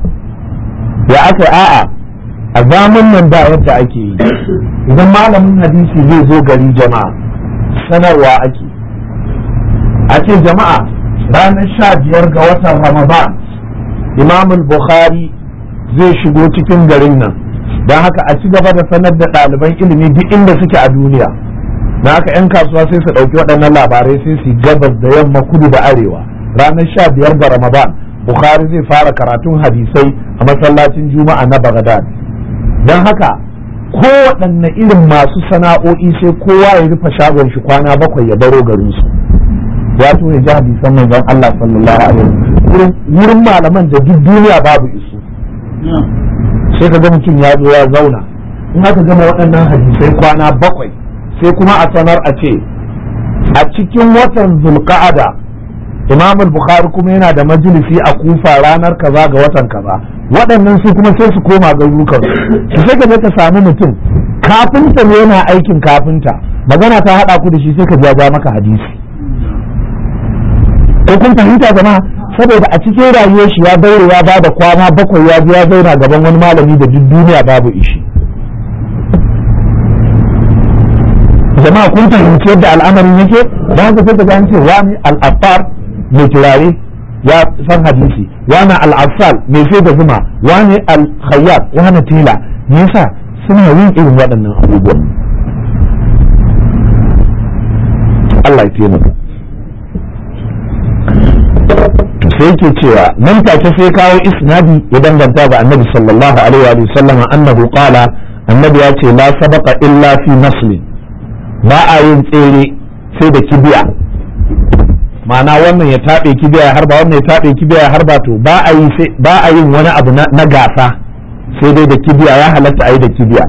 ya aka a'a a zaman nan da yadda ake yi idan malamin hadisi zai zo gari jama'a sanarwa ake a ce jama'a ranar sha biyar ga watan ramadan imamul bukhari zai shigo cikin garin nan don haka a ci gaba da sanar da ɗaliban ilimi duk inda suke a duniya na haka 'yan kasuwa sai su ɗauki waɗannan labarai sai su gabas da yamma kudu da arewa ranar sha biyar ga ramadan bukhari zai fara karatun hadisai a masallacin juma'a na bagdad don haka kowaɗanne irin masu sana'o'i sai kowa ya rufe shagon shi kwana bakwai ya baro garin su ya to ya ji hadisan Allah sallallahu alaihi wasallam wurin malaman da duk duniya babu isu sai ka ga mutum ya zo ya zauna in aka gama waɗannan hadisai kwana bakwai sai kuma a sanar a ce a cikin watan zulka'ada imam bukhari kuma yana da majalisi a kufa ranar kaza ga watan kaza waɗannan su kuma sai su koma ga garurukan su sai ka ka samu mutum kafinta ne yana aikin kafinta magana ta haɗa ku da shi sai ka jaja maka hadisi ko kun fahimta zama saboda a cikin rayuwar shi ya daure ya bada kwana bakwai ya ya zauna gaban wani malami da duk duniya babu ishi jama'a kun fahimci yadda al'amarin yake ba haka sai ka ce wani al'afar mai turare ya san hadisi wani al'afsal mai sai da zuma wani al-khayyar wani tela me yasa suna yin irin waɗannan abubuwan Allah ya taimaka sai ke cewa nan take sai kawo isnadi ya danganta da annabi sallallahu alaihi wa sallam annahu qala annabi ya ce la sabaqa illa fi naslin ba a yin tsere sai da kibiya ma'ana wannan ya taɓe kibiya ya harba wannan ya taɓe kibiya ya harba to ba a yi yin wani abu na gasa sai dai da kibiya ya halatta a yi da kibiya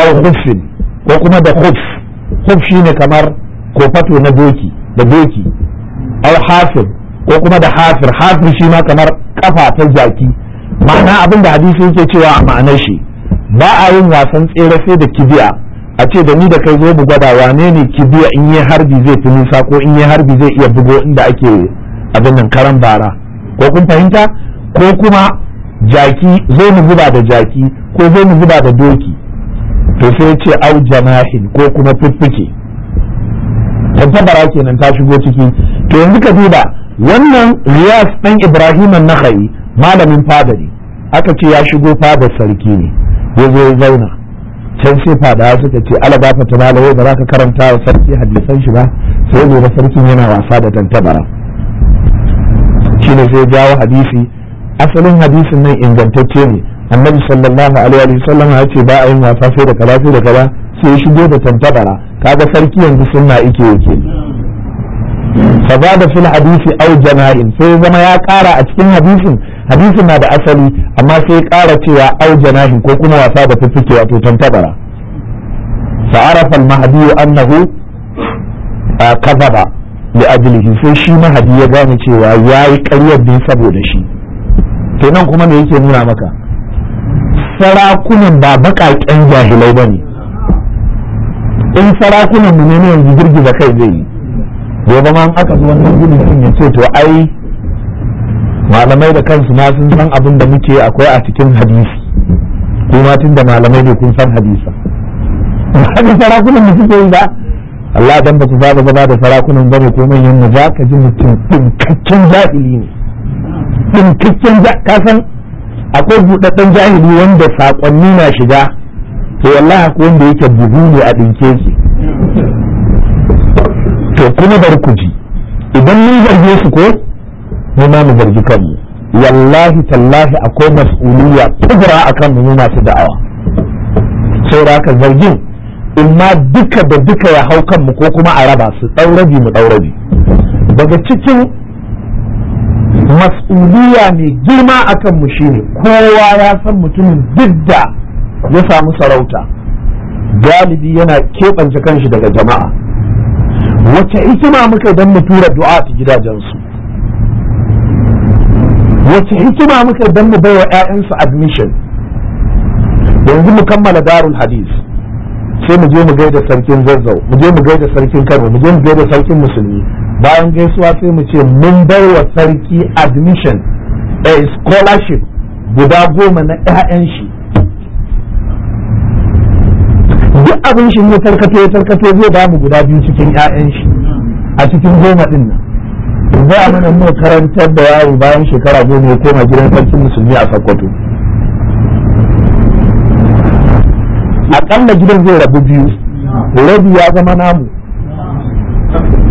aw khuffin ko kuma da khuff shi shine kamar kofato na doki da doki aw hafir ko kuma da hafir hafir shi ma kamar kafa ta jaki ma'ana abinda hadisi yake cewa a ma'anar shi ba a yin wasan tsere sai da kibiya a ce da ni da kai zo mu gwada wane ne kibiya in yi harbi zai fi nisa ko in yi harbi zai iya bugo inda ake abin nan karan bara ko kun fahimta ko kuma jaki zo mu zuba da jaki ko zo mu zuba da doki to sai ce au jamahin ko kuma fiffike tantabara kenan ta shigo ciki to yanzu ka duba wannan riyas dan ibrahim an-nakhai malamin fadari aka ce ya shigo fadar sarki ne ya zo ya zauna can sai fada suka ce ba ka ta malawai ba za ka karanta wa sarki hadisan shi ba sai gobe sarkin yana wasa da tantabara shi ne zai jawo hadisi asalin hadisin nan ingantacce ne annabi sallallahu alaihi wa sallam ya ce ba a yin wasa sai da kaza sai da kaza sai ya shigo da tantabara kaga sarki yanzu sunna ike yake fazada fil hadisi aw jana'in sai zama ya kara a cikin hadisin hadisin na da asali amma sai kara cewa aw ko kuma wasa da fuffuke wato tantabara arafa al-mahdi annahu kadaba li ajlihi sai shi mahdi ya gane cewa yayi ƙaryar din saboda shi kenan kuma me yake nuna maka sarakunan ba baƙaƙen jahilai bane in sarakunan mu ne yanzu girgiza kai zai yi gobe ma aka zo wannan gudun sun ya ce to ai malamai da kansu ma sun san abin da muke akwai a cikin hadisi kuma tun da malamai ne kun san hadisa haka sarakunan da suke yi ba Allah dan ba su saba zama da sarakunan bane ko manyan mu za ka ji mutum dinkakken jahili ne dinkakken ka san akwai budadden jahili wanda sakonni na shiga to wallahi ko wanda yake buhu ne a dinke shi to kuma bari ku ji idan mun zarge su ko mu ma mu zargi kanmu wallahi tallahi akwai mas'uliyya kubra akan mu masu da'awa sai da aka zargin imma duka da duka ya hau kanmu ko kuma a raba su ɗaurabi mu ɗaurabi daga cikin mas'uliyya mai girma akan mu shine kowa ya san mutumin duk da ya samu sarauta galibi yana keɓance kanshi daga jama'a wace hikima muka don mu tura du'a ta gidajensu wace hikima muka don mu baiwa 'ya'yansu admission yanzu mu kammala darul hadis sai mu je mu gaida sarkin zazzau mu je mu gaida sarkin kano mu je mu gaida sarkin musulmi bayan gaisuwa sai mu ce mun baiwa sarki admission a scholarship guda goma na 'ya'yan shi duk abin shi ne tarkato ya zai ba mu guda biyu cikin 'ya'yan shi a cikin goma din nan za a mana mu karantar da yaro bayan shekara goma ya koma gidan sarkin musulmi a sakkwato akalla gidan zai rabu biyu rabi ya zama namu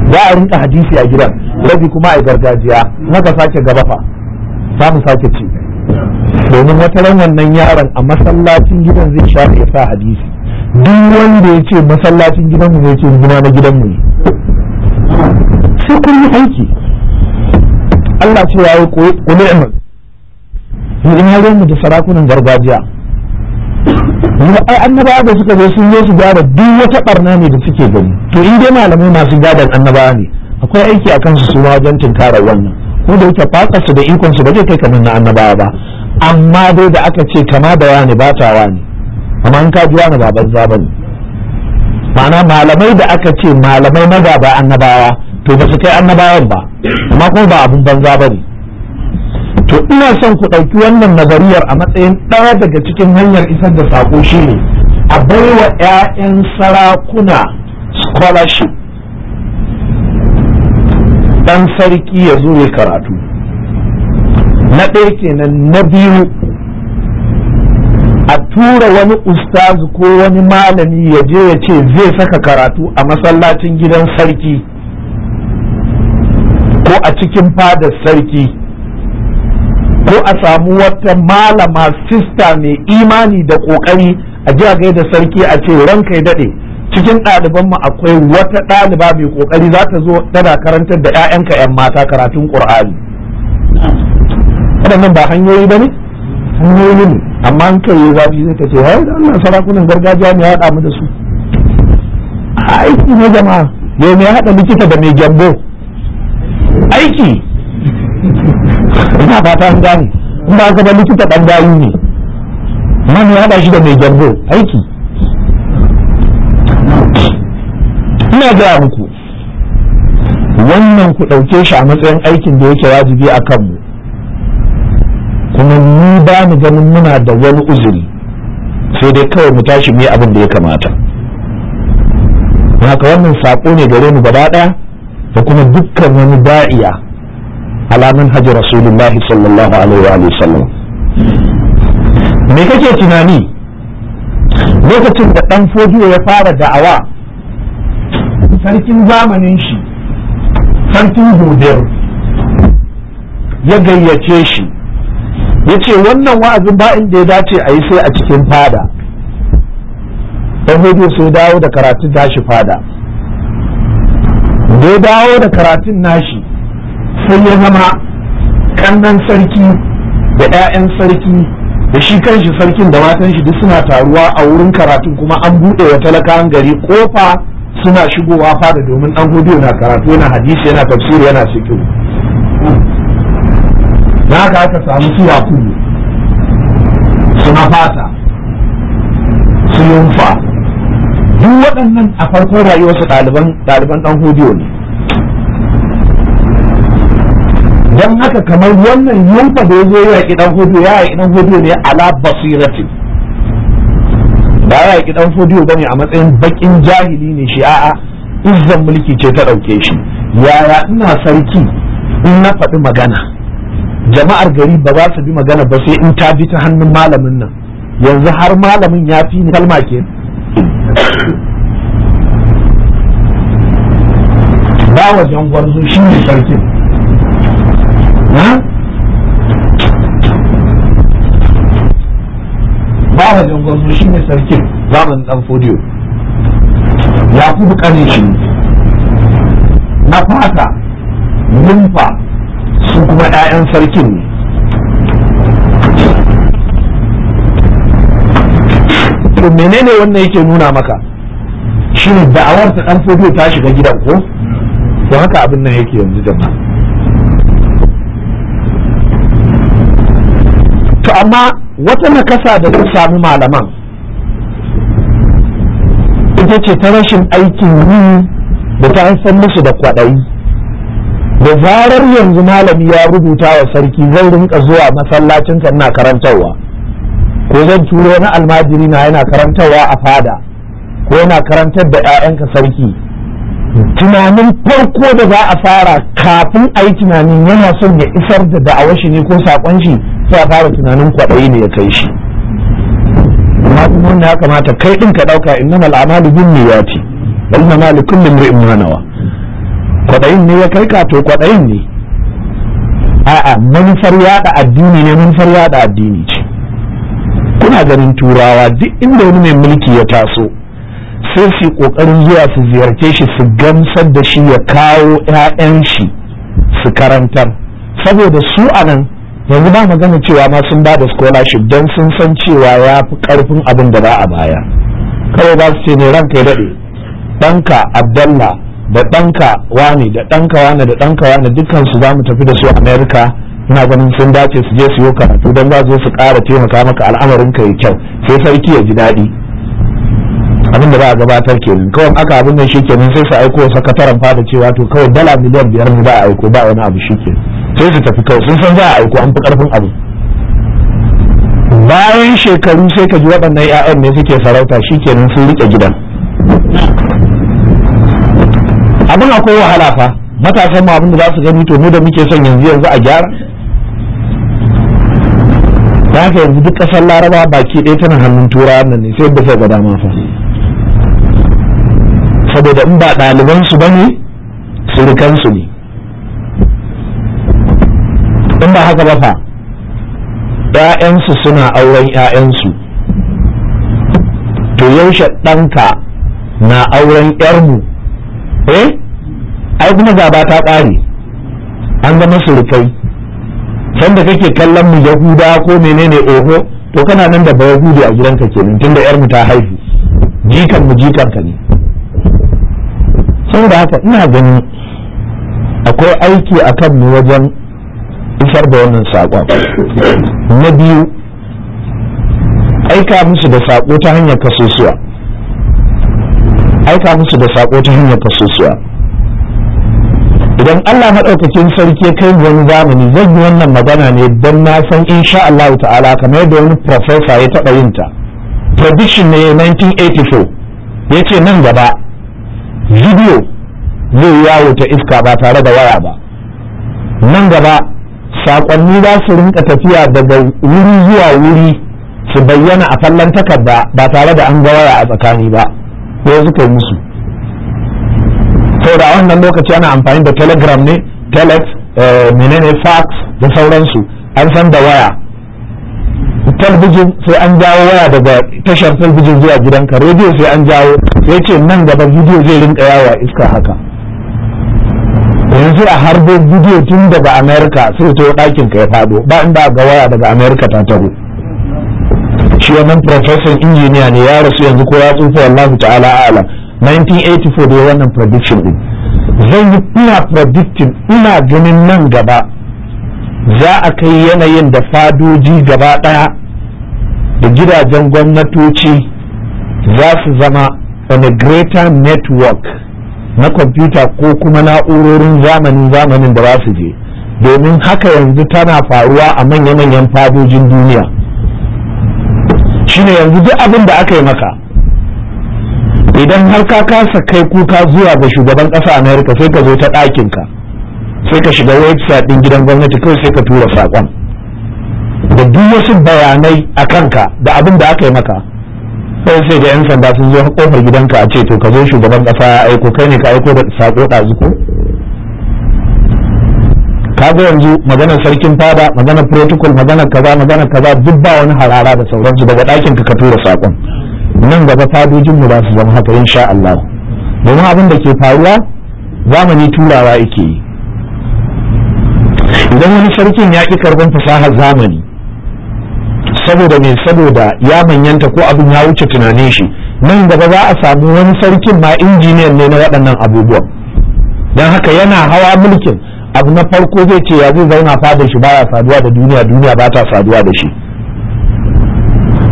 za a rinka hadisi a gidan rabi kuma a gargajiya ka sake gaba fa Samu sake ci domin wata ran wannan yaron a masallacin gidan zai sha ya sa hadisi duk wanda ya ce masallacin gidanmu ne ce gina na gidanmu ne sai kun yi aiki Allah ce ya yi kuli Ni mu in mu da sarakunan gargajiya ai annabawa da suka zo sun zo su gyara duk wata barna ne da suke gani to in dai malamai masu gadon annabawa ne akwai aiki a kansu su wajen tinkarar wannan ko da yake fatsar su da ikon su ba zai kai kamar na annabawa ba amma dai da aka ce kama da wani ba ta wani amma in ka ji wani ba banza ba ne ma'ana malamai da aka ce malamai na gaba annabawa to ba su kai annabawan ba amma kuma ba abun banza ba ne to ina son ku ɗauki wannan nazariyar a matsayin ɗaya daga cikin hanyar isar da saƙo ne a baiwa 'ya'yan sarakuna scholarship dan sarki ya zo ya karatu na ɗaya kenan na biyu a tura wani ustazu ko wani malami ya je ya ce zai saka karatu a masallacin gidan sarki ko a cikin fadar sarki ko a samu wata malama sista mai imani da ƙoƙari a ji a gaida sarki a ce ranka ya daɗe cikin ɗaliban mu akwai wata ɗaliba mai kokari za ta zo tana karantar da 'ya'yanka 'yan mata karatun qur'ani waɗannan ba hanyoyi ba ne hanyoyi ne amma an kai yi zafi zai ta ce hai da Allah sarakunan gargajiya ne ya haɗa mu da su aiki ne jama'a yau ya haɗa likita da mai gyambo aiki ina fata an gane in ba ka likita ɗan gayu ne Man ya haɗa shi da mai gyambo aiki ina gaya muku wannan ku ɗauke shi a matsayin aikin da yake wajibi a kanmu kuma ni ba mu ganin muna da wani uzuri sai dai kawai mu tashi mu yi abin da ya kamata haka wannan saƙo ne gare mu gaba ɗaya da kuma dukkan wani da'iya alamun hajji rasulullahi sallallahu alaihi wa sallam me kake tunani lokacin da ɗan fodiyo ya fara da'awa sarkin zamanin shi sarkin gobe ya gayyace shi ya ce wannan wa'azin ba inda ya dace a yi sai a cikin fada ɗan hudu sai dawo da karatun tashi fada da ya dawo da karatun nashi sai ya zama kannan sarki da 'ya'yan sarki da shi kanshi sarkin da matan shi duk suna taruwa a wurin karatun kuma an buɗe wa talakawan gari ƙofa. suna shigowa fada domin dan hudu na karatu yana hadisi yana tafsiri yana fiqh da haka aka samu su kudu suna fata su yunfa duk waɗannan a farkon rayuwarsu ɗaliban ɗaliban dan hudu ne don haka kamar wannan yunfa da ya zo ya yaƙi ɗan hudu ya yaƙi ɗan hudu ne ala basirati ba ya ki dan fodiyo bane a matsayin bakin jahili ne shi a'a izzan mulki ce ta dauke shi yaya ina sarki in na faɗi magana jama'ar gari ba za su bi magana ba sai in ta bi ta hannun malamin nan yanzu har malamin ya fi ni kalma ke ba wajen gwarzo shi ne sarkin zamanin gwamnati shi ne sarkin zamanin dan fodiyo ya kudu kane shi na fata numfa su kuma 'ya'yan sarkin ne to menene wannan yake nuna maka shi ne da'awar ta dan fodiyo ta shiga gidan ko to haka abin nan yake yanzu jama'a to amma wata nakasa da ta sami malaman ita ce ta rashin aikin yi da ta san musu da kwaɗayi da zarar yanzu malami ya rubuta wa sarki zai rinka zuwa masallacin na karantarwa ko zan turo na almajiri na yana karantarwa a fada ko yana karantar da 'ya'yanka sarki tunanin farko da za a fara kafin a yi tunanin yana son ya isar da da'awar shi ne ko saƙon shi sai a fara tunanin kwaɗayi ne ya kai shi amma kuma wannan ya kamata kai ɗin ka ɗauka innamal a'malu bin niyyati wa innamal likulli in ma nawa kwaɗayin ne ya kai ka to kwaɗayin ne a'a manufar yaɗa addini ne manufar yaɗa addini ce kuna ganin turawa duk inda wani mai mulki ya taso sai su kokarin zuwa su ziyarce shi su gamsar da shi ya kawo 'ya'yan shi su karantar saboda su a nan yanzu ba magana cewa ma sun ba da scholarship don sun san cewa ya fi karfin abin da ba a baya kawai ba su ce ne ranka ya daɗe ɗanka abdallah da ɗanka wani da ɗanka wani da ɗanka wani dukansu za mu tafi da su america ina ganin sun dace su je su yi karatu don za su ƙara taimaka maka al'amarin ka kyau sai sarki ya ji daɗi abin da za a gabatar kenan kawai aka abin nan shi kenan sai su aiko sakataren fada cewa to kawai dala miliyan biyar ne ba a aiko ba wani abu shi kenan sai su tafi kawai sun san za a aiko an fi karfin abu bayan shekaru sai ka ji waɗannan 'ya'yan ne suke sarauta shi shikenan sun riƙe gidan abin akwai wahala fa matasan mu abin da za su gani to mu da muke son yanzu yanzu a gyara ta haka yanzu duk ƙasar laraba baki ɗaya tana hannun turawa nan ne sai da ga dama fa saboda in ba ɗaliban su ne surukan su ne ba haka ba fa ‘ya'yansu suna auren ‘ya'yansu to yaushe ɗanka na auren ‘yarmu eh ai kuma gaba ta ƙare an zama surukai sanda kake kallon mu yahuda ko menene oho to kana nan da ba yahudi a gidanka kenan tunda ‘yarmu ta haihu jikan mu jikan ka ne saboda haka ina gani akwai aiki a mu wajen isar da wannan saƙon na biyu aika musu da saƙo ta hanyar kasusuwa aika musu da saƙo ta hanyar kasusuwa idan Allah maɗaukakin sarki ya kai wani zamani zan yi wannan magana ne don na san insha Allah ta'ala kamar yadda wani profesa ya taɓa yin ta prediction ne 1984 ya ce nan gaba video zai yawo ta iska ba tare da waya ba nan gaba saƙonni za su rinka tafiya daga wuri zuwa wuri su bayyana a fallon takarda ba tare da an gawaya a tsakani ba suka yi musu saboda a wannan lokaci ana amfani da telegram ne telex eh, menene fax da sauransu an san da waya talbijin sai an jawo waya daga tashar talbijin zuwa gidanka rediyo sai an jawo sai ce nan gaba bidiyo zai rinka yawa iska haka yanzu a harbo bidiyo tun daga amerika sai ta ɗakin ka ya faɗo ba inda ga waya daga america ta taho shi wannan professor injiniya ne ya rasu yanzu ko ya tsufa wallahu ta'ala ala 1984 da wannan prediction din zan yi ina predicting ina ganin nan gaba za a kai yanayin da fadoji gaba ɗaya da gidajen gwamnatoci za su zama on a greater network na kwamfuta ko kuma na'urorin zamanin zamanin da za su je domin haka yanzu tana faruwa a manya-manyan fadojin duniya shine yanzu duk abin da aka yi maka idan har ka kasa kai kuka zuwa ga shugaban ƙasa amerika sai ka zo ta ɗakinka sai ka shiga website ɗin gidan gwamnati kawai sai ka tura saƙon da duk wasu bayanai a kanka da abin da aka yi maka sai sai da yan sanda sun zo kofar gidanka a ce to ka zo shugaban kasa ya aiko kai ne ka aiko da sako ɗazu ka ga yanzu maganar sarkin fada maganar protocol maganar kaza maganar kaza duk ba wani harara da sauransu daga ɗakin ka ka tura sakon nan gaba fadojin mu ba su zama haka insha Allah domin abin da ke faruwa zamani turawa yake yi idan wani sarkin ya ƙi karɓar fasahar zamani saboda me saboda ya manyanta ko abin ya wuce tunanin shi nan gaba za a samu wani sarkin ma injiniyan ne na waɗannan abubuwan don haka yana hawa mulkin abu na farko zai ce ya zai zauna fadar shi baya saduwa da duniya duniya ba ta saduwa da shi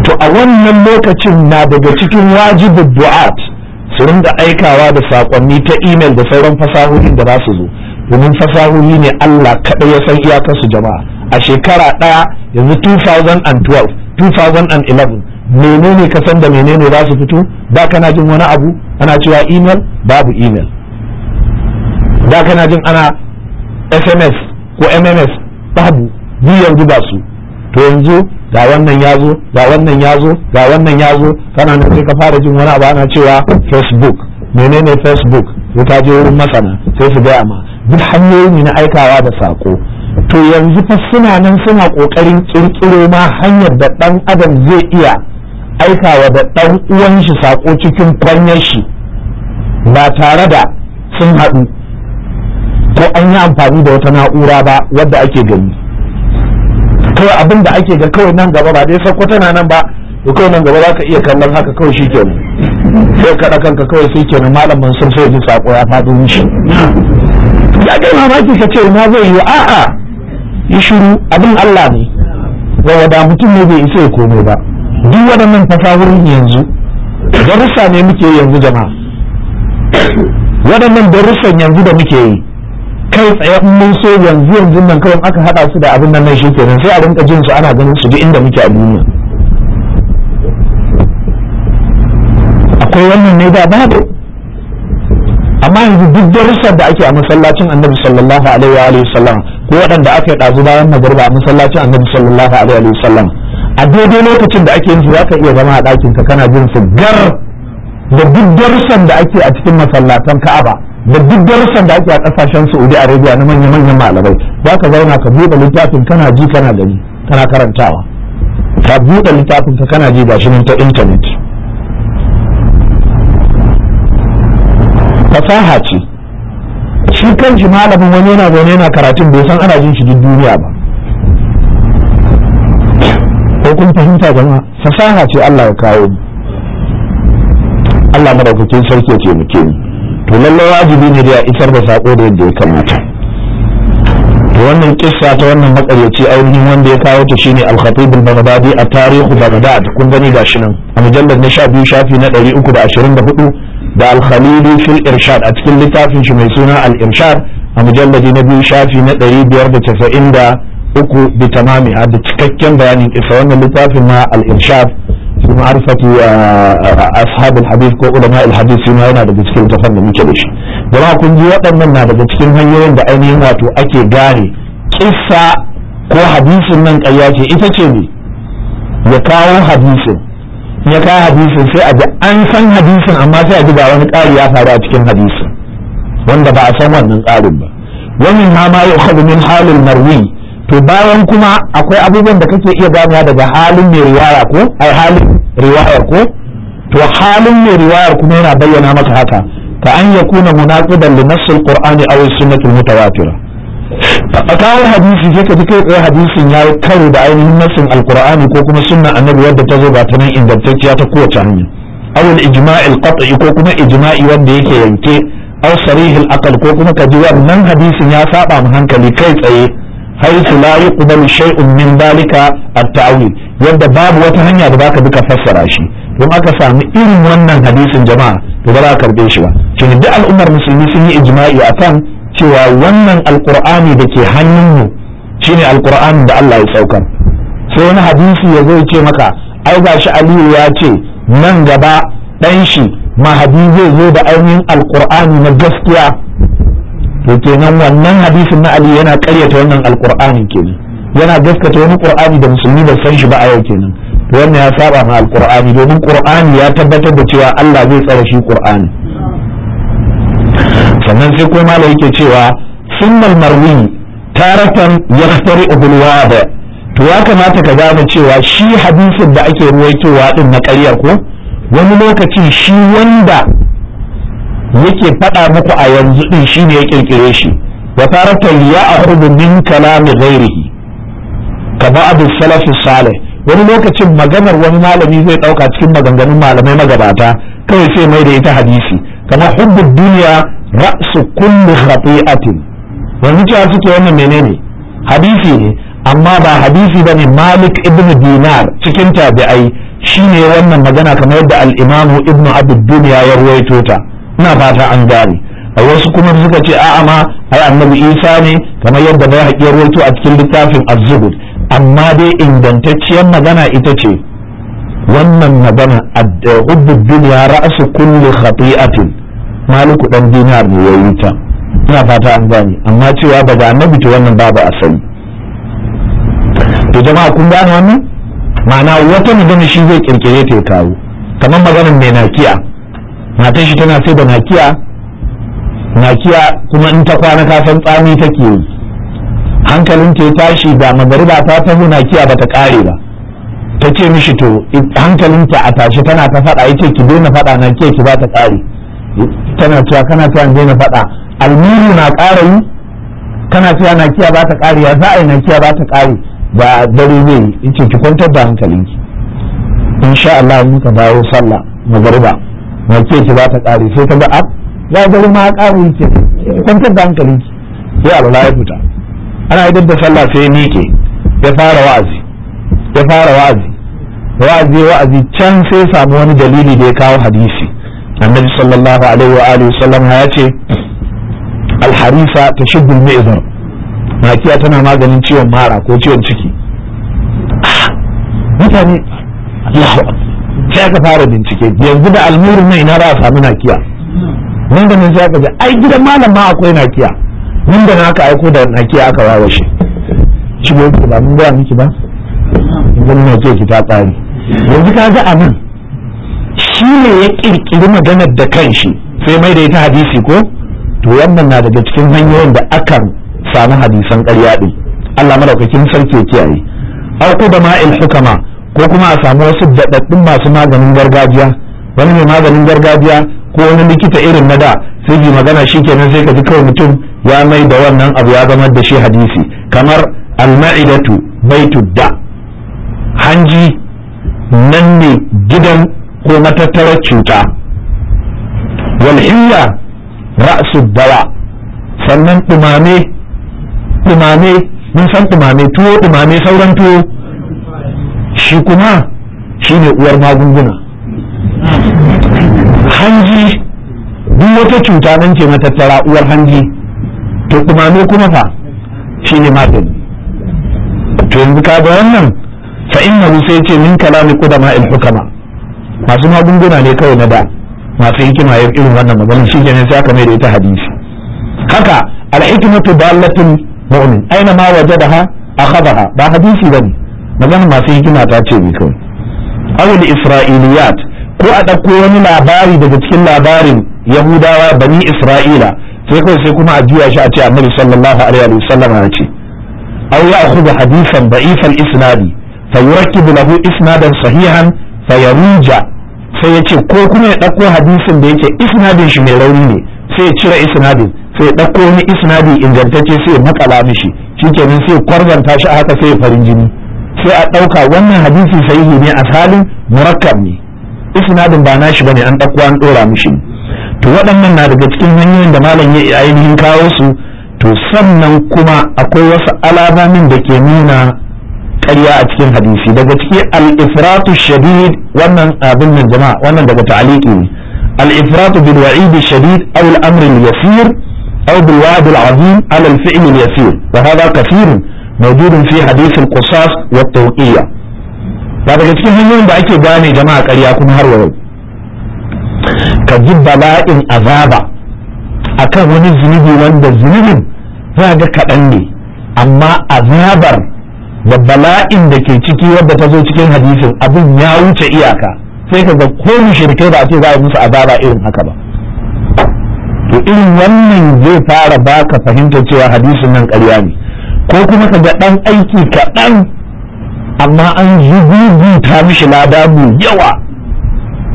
to a wannan lokacin na daga cikin wajibin du'at su rinda aikawa da saƙonni ta imel da sauran fasahohin da za su zo domin fasahohi ne Allah kaɗai ya san iyakarsu jama'a a shekara ɗaya yanzu 2012 2011 menene ka san da menene za su fito ba kana jin wani abu ana cewa email babu email da kana jin ana sms ko mms babu duk yanzu ba su to yanzu ga wannan ya zo ga wannan ya zo ga wannan ya zo kana nan sai ka fara jin wani abu ana cewa facebook menene facebook sai ka je wurin masana sai su gaya ma duk hanyoyi ne na aikawa da sako to yanzu fa suna nan suna kokarin kirkiro ma hanyar da dan adam zai iya aikawa da dan uwan shi sako cikin kwanyar shi ba tare da sun haɗu ko an yi amfani da wata na'ura ba wadda ake gani kawai abin da ake ga kawai nan gaba ba dai sauko tana nan ba to kawai nan gaba za ka iya kallon haka kawai shi kenan sai kaɗa kanka kawai sai kenan malamin sun sai ji sako ya faɗo mishi aka kai mamaki ka ce ma zai yi a'a yi shiru abin Allah ne ga wada mutum ne bai isa ya komai ba duk waɗannan fasahohin yanzu darussa ne muke yanzu jama'a waɗannan darussan yanzu da muke yi kai tsaye mun so yanzu yanzu nan kawai aka haɗa su da abin nan shi kenan sai a rinka jin su ana ganin su duk inda muke a duniya akwai wannan ne da babu amma yanzu duk darussan da ake a masallacin annabi sallallahu alaihi wa sallam ko waɗanda aka yi ɗazu bayan magruba a masallacin annabi sallallahu alaihi wa sallam a daidai lokacin da ake yin su za ka iya zama a ɗakin ka kana jin su gar da duk darussan da ake a cikin masallatan ka'aba da duk darussan da ake a ƙasashen saudi arabia na manya-manyan malamai za ka zauna ka buɗe littafin kana ji kana gani kana karantawa ka buɗe littafin ka kana ji gashi nan ta intanet fasaha ce shi kan shi malamin wani yana zaune yana karatun bai san ana jin shi duk duniya ba ko kun fahimta jama'a fasaha ce Allah ya kawo mu Allah madaukakin sarki ya taimake mu to lallai wajibi ne da ya isar da sako da yadda ya kamata to wannan kissa ta wannan makaryaci ainihin wanda ya kawo ta shine al-khatib al-baghdadi a tarihu baghdad kun gani gashi nan a mujallar na 12 shafi na 324 da al-khalili fil irshad a cikin littafin shi mai suna al-irshad a mujalladi na biyu shafi na ɗari biyar da casa'in da uku bi tamami a da cikakken bayanin isa wannan littafin na al-irshad fi ma'arifatu ashab al-hadith ko ulama al-hadith shi ma yana daga cikin littafin da muke da shi jama'a kun ji waɗannan na daga cikin hanyoyin da ainihin wato ake gane kissa ko hadisin nan ƙarya ce ita ce ne ya kawo hadisin ya kai hadisin sai a ji an san hadisin amma sai a ji ga wani ƙari ya faru a cikin hadisin wanda ba a san wannan tsarin ba wannan ma ma yu'khadhu min halin marwi to bayan kuma akwai abubuwan da kake iya ganewa daga halin mai riwaya ko ai halin riwaya ko to halin mai riwaya kuma yana bayyana maka haka ka an yakuna munaqiban li nassil qur'ani aw sunnatul mutawatira a kawo hadisi sai ka ji kai tsaye hadisin ya yi da ainihin nasin alkur'ani ko kuma sunna annabi wadda ta zo ba ta nan ingantacciya ta kowace hanya awal ijma'il qat'i ko kuma ijma'i wanda yake yanke aw sarihil aqal ko kuma ka ji wannan hadisin ya saba mu hankali kai tsaye haisu la yuqbalu shay'un min dalika at-ta'wil yadda babu wata hanya da baka duka fassara shi don aka samu irin wannan hadisin jama'a to ba za ka karbe shi ba shin duk al'ummar musulmi sun yi ijma'i akan cewa wannan alkur'ani da ke hannunmu shine alkur'ani da Allah ya saukar sai wani hadisi ya zo ce maka ai gashi aliyu ya ce nan gaba dan shi mahadi zai zo da ainihin alkur'ani na gaskiya to kenan wannan hadisin na aliyu yana karyata wannan alkur'ani kenan yana gaskata wani qur'ani da musulmi ba san shi ba a yau kenan to wannan ya saba ma alkur'ani domin qur'ani ya tabbatar da cewa Allah zai tsare shi qur'ani sannan sai ko mala yake cewa sunnal marwi taratan yaftari ubulwa wada to ya kamata ka gane cewa shi hadisin da ake ruwaitowa din na ƙarya ko wani lokaci shi wanda yake faɗa muku a yanzu din shine ya kirkire shi wa taratan ya akhudhu min kalami ghairihi ka ba'd salaf salih wani lokacin maganar wani malami zai dauka cikin maganganun malamai magabata kawai sai mai da ita hadisi kamar hubbud duniya ra'su kulli khati'atin yanzu cewa suke wannan menene hadisi ne amma ba hadisi bane Malik ibn Dinar cikin tabi'ai shine wannan magana kamar yadda al-Imam Ibn Dunya ya ruwaito ta ina fata an gane a wasu kuma suka ce a'a ma ai annabi Isa ne kamar yadda bai haƙi ruwaito a cikin littafin az amma dai ingantacciyar magana ita ce wannan magana ad dunya ra'su kulli khati'atin maliku dan dinar ne ya yi ta ina fata an gane amma cewa ba da annabi to wannan babu asali to jama'a kun gane wannan ma'ana wata magana shi zai kirkire ta ya kawo kamar maganar mai nakiya matan shi tana sai da nakiya nakiya kuma in ta kwana san tsami take yi hankalin ta ya tashi da magariba ta taho nakiya ta kare ba ta ce mishi to hankalin ta a tashi tana ta faɗa ya ce ki daina faɗa nakiya ki ba ta kare tana cewa kana cewa je na faɗa almiru na ƙara yi kana cewa na kiya ba ta ƙari ya za a yi na kiya ba ta ƙari ba dare ne in ce ki kwantar da hankalinki sha Allah ka dawo sallah magariba na ke ki ba ta ƙari sai ta ba a ya gari ma ƙari yi ki kwantar da hankalinki sai Allah ya futa ana idan da sallah sai ke ya fara wa'azi ya fara wa'azi wa'azi wa'azi can sai samu wani dalili da ya kawo hadisi annabi sallallahu alaihi wa alihi sallam ya ce alharifa ta shibbul mi'zar makiya tana maganin ciwon mara ko ciwon ciki mutane Allahu sai aka fara bincike yanzu da almurin mai na za a samu nakiya nan da nan sai aka ga ai gidan malam ma akwai nakiya nan da na aka aiko da nakiya aka wawa shi shi ba mun ga miki ba yanzu na ce ki ta tsari yanzu ka ga anan shi ne ya kirkiri maganar da kanshi sai mai da ita hadisi ko to wannan na daga cikin hanyoyin da akan samu hadisan ƙarya din Allah madaukakin sarki ya kiyaye auku da ma'il hukama ko kuma a samu wasu daɗaɗɗun masu maganin gargajiya wani mai maganin gargajiya ko wani likita irin na da sai ji magana shi kenan sai ka ji kawai mutum ya mai da wannan abu ya zama da shi hadisi kamar al-ma'idatu baitud da hanji nan ne gidan ko matattarar cuta walhiyya ra'su dawa sannan dumame dumame mun san dumame tuwo dumame sauran tuwo shi kuma shine uwar magunguna hanji duk wata cuta nan ce matattara uwar hanji to dumame kuma fa shine magani to yanzu ka ga wannan fa innahu sai ce min kalami kudama al hukama masu magunguna ne kawai na da masu hikima ya irin wannan maganin shi kenan sai aka mai da ita hadisi haka alhikmatu dalatul mu'min aina ma wajadaha akhadaha ba hadisi bane maganin masu hikima ta ce bi kawai awul isra'iliyat ko a ɗauko wani labari daga cikin labarin yahudawa bani isra'ila sai kawai sai kuma a juya shi a ce annabi sallallahu alaihi wa sallam ya ce aw ya'khudhu hadithan da'if isnadi fa lahu isnadan sahihan fayaruja sai ya ce ko kuma ya ɗauko hadisin da yake isnadin shi mai rauni ne sai ya cire isnadin sai ya ɗauko wani isnadi ingantacce sai ya makala mishi shikenan sai ya kwarzanta shi a haka sai ya farin jini sai a ɗauka wannan hadisi sahihi ne asalin murakkab ne isnadin ba nashi bane an ɗauko an ɗora mishi to waɗannan na daga cikin hanyoyin da malam ya ainihin kawo su to sannan kuma akwai wasu alamomin da ke nuna karya a cikin hadisi daga ciki al-ifratu shadid wannan abin nan jama'a wannan daga ta'aliki ne al-ifratu bil wa'id shadid aw al-amr al-yasir aw bil wa'd al-azim ala al-fi'l al-yasir wa hadha kathir mawjud fi hadith al-qisas wa at ba daga cikin hanyoyin da ake gane jama'a karya kuma har yau ka ji bala'in azaba akan wani zunubi wanda zunubin za ga kaɗan ne amma azabar da bala'in da ke ciki wadda ta zo cikin hadisin abin ya wuce iyaka sai ka ga ko mushrikai da a ce za a musu azaba irin haka ba to irin wannan zai fara baka fahimtar cewa hadisin nan karya ne ko kuma ka ga ɗan aiki kaɗan amma an ta mishi lada mu yawa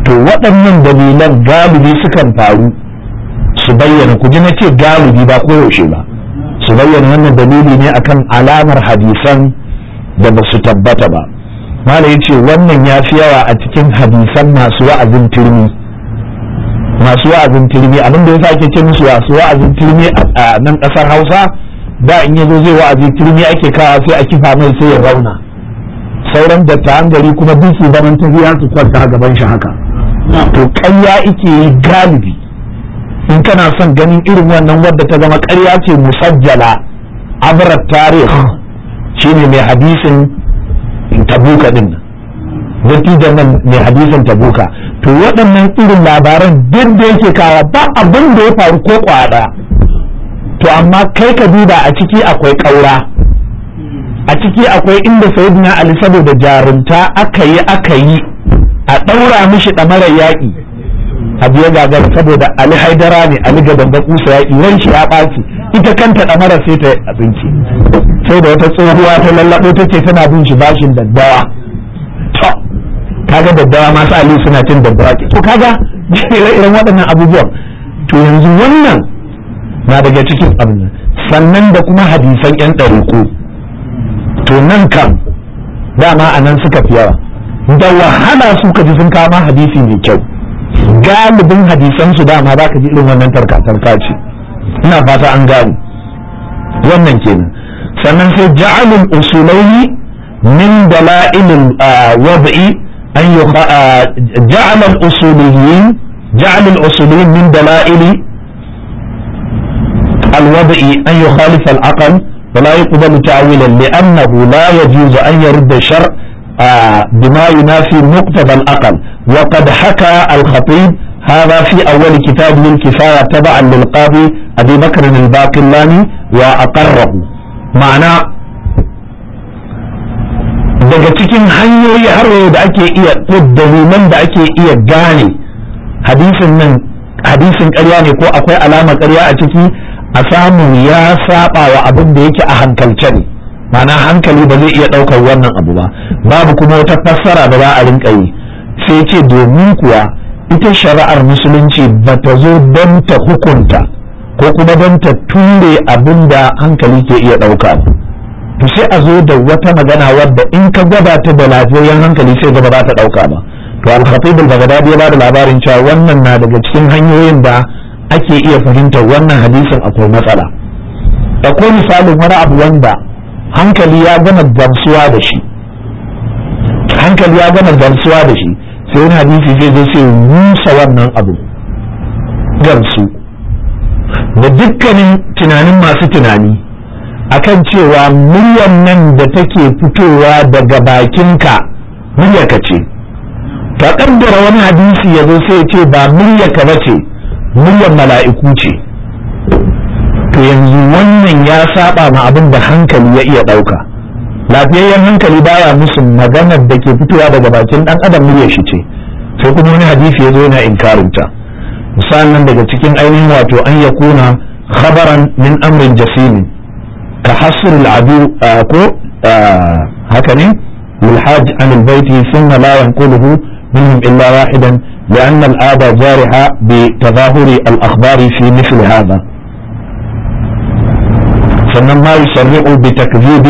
to waɗannan dalilan galibi sukan faru su bayyana ku ji na ce galibi ba koyaushe ba su bayyana wannan dalili ne akan alamar hadisan da ba su tabbata ba malai ce wannan ya fi yawa a cikin hadisan masu wa'azin turmi masu wa'azin turmi abin da yasa ake ce musu masu wa'azin turmi a nan kasar Hausa da in yazo zai wa'azi turmi ake kawa sai a kifa mai sai ya rauna sauran dattawan gari kuma duk su zaman tafiya su kwanta gaban shi haka to ƙarya ike yi galibi in kana son ganin irin wannan wadda ta zama ƙarya ce musajjala abrar tarihi shine mai hadisin tabuka din da nan mai hadisin tabuka to waɗannan irin labaran duk da yake kawo ba abin da ya faru ko kwada to amma kai ka duba a ciki akwai ƙaura a ciki akwai inda sayyidina ali saboda jarumta aka yi aka yi a ɗaura mishi ɗamarar yaƙi abu ya gagar saboda ali haidara ne ali gaban da kusa yaƙi ran shi ya ɓaci ita kanta ɗamarar sai ta abinci sai da wata tsohuwa ta lallaɓo ta ce tana bin shi bashin daddawa to kaga daddawa masu ali suna cin daddawa to kaga jere <laughs> irin waɗannan abubuwan to yanzu wannan na daga cikin abin sannan da kuma hadisan yan ɗariƙo to nan kan dama a nan suka fi yawa da wahala su ka ji sun kama hadisi mai kyau galibin hadisan su dama za ka ji irin wannan tarka-tarka ce ina fata an gane wannan kenan sannan sai جعل الاصولين من دلائل الوضع ان ja'al al-usuliyyin ja'al al-usuliyyin min الوضع أن يخالف العقل ولا يقبل تعويلا لأنه لا يجوز أن يرد الشرع آه، بما ينافي مقتضى الأقل وقد حكى الخطيب هذا في أول كتاب من كفاية تبعا للقاضي أبي بكر الباقلاني وأقره ma'ana daga cikin hanyoyi har yau da ake iya dalilan da ake iya gane hadisin nan hadisin ƙarya ne ko akwai alamar karya a ciki a samu ya saba wa abin da yake a hankalce ne ma'ana hankali ba zai iya ɗaukar wannan abu ba babu kuma wata fassara da za a rinka yi sai ce domin kuwa ita shari'ar musulunci ba ta zo don ta hukunta ko kuma don ta ture abin da hankali ke iya ɗauka to sai a zo da wata magana wadda in ka gabata da lafiyayyen hankali sai gaba ba ta ɗauka ba to al-khatib al-baghdadi ya ba da labarin cewa wannan na daga cikin hanyoyin da ake iya fahimtar wannan hadisin akwai matsala akwai misalin wani abu wanda hankali ya gama gamsuwa da shi hankali ya gama gamsuwa da shi sai wani hadisi zai zo sai musa wannan abu gamsu da dukkanin tunanin masu tunani akan cewa muryar nan da take fitowa daga bakinka muryarka ce ta kaddara wani hadisi yazo zo sai ce ba muryarka ba ce muryar mala'iku ce to yanzu wannan ya saba ma abin da hankali ya iya ɗauka lafiyayyen hankali baya musu maganar da ke fitowa daga bakin ɗan adam muryar shi ce sai kuma wani hadisi ya zo yana inkarinta misalin nan daga cikin ainihin wato an ya kuna khabaran min amrin jasimi ka hasr al'adu ko haka ne lilhaj an albayti thumma la yanquluhu منهم إلا واحدا لأن الآبة جارحة بتظاهر الأخبار في مثل هذا فإنما يصرع بتكذيب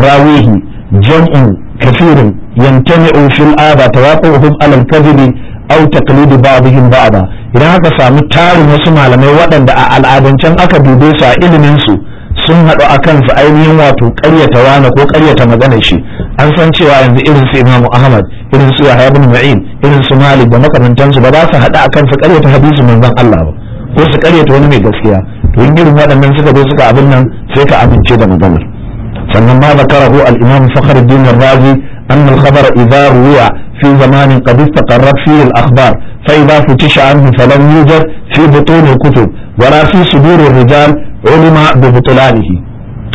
راويه جمع كثير يمتنع في الآبة تواقعهم على الكذب au taqlidu ba'dihim ba'da idan aka samu tarin wasu malamai waɗanda a al'adancen aka dube su a ilimin su sun haɗu a kansu ainihin wato ƙaryata wani ko ƙaryata maganar shi an san cewa yanzu irin su imamu ahmad irin su yahya ibn ma'in irin su malik da makamantansu ba za su haɗu a kansu ƙaryata hadisi manzon allah ba ko su karyata wani mai gaskiya to in irin waɗannan suka zo suka abin nan sai ka amince da maganar sannan ma zakarahu al-imam fakhruddin ar-razi أن الخبر إذا روى في زمان قد استقرت فيه sai فإذا فتش عنه فلم يوجد في بطون الكتب ولا في صدور الرجال علم ببطلانه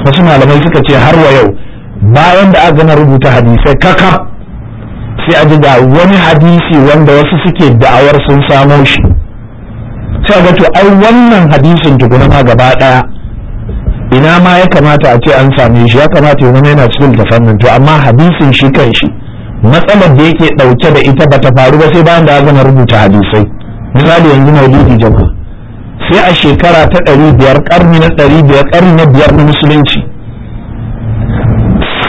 wasu malamai suka ce har wa yau bayan da aka gama rubuta hadisai kaka sai a ji ga wani hadisi wanda wasu suke da'awar sun samo shi sai ga to ai wannan hadisin tukuna ma gaba ɗaya ina ma ya kamata a ce an same shi ya kamata ya zama yana cikin tafannin to amma hadisin shi kan shi matsalar da yake ɗauke da ita bata faru ba sai bayan da gama rubuta hadisai misali yanzu maulidi jama'a sai a shekara ta ɗari biyar ƙarni na ɗari biyar ƙarni na biyar na musulunci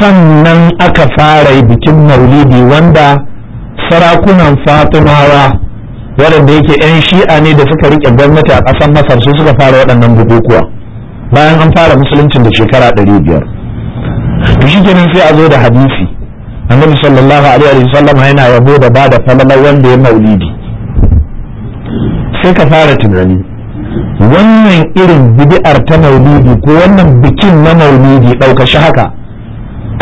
sannan aka fara bikin maulidi wanda sarakunan fatimawa waɗanda yake 'yan shi'a ne da suka rike gwamnati a ƙasar masar su suka fara waɗannan bukukuwa bayan an fara musuluncin da shekara ɗari biyar to shi sai a zo da hadisi annabi sallallahu alaihi wa sallam yana yabo da ba da falalar wanda ya maulidi sai ka fara tunani wannan irin bid'ar ta maulidi ko wannan bikin na maulidi daukashi haka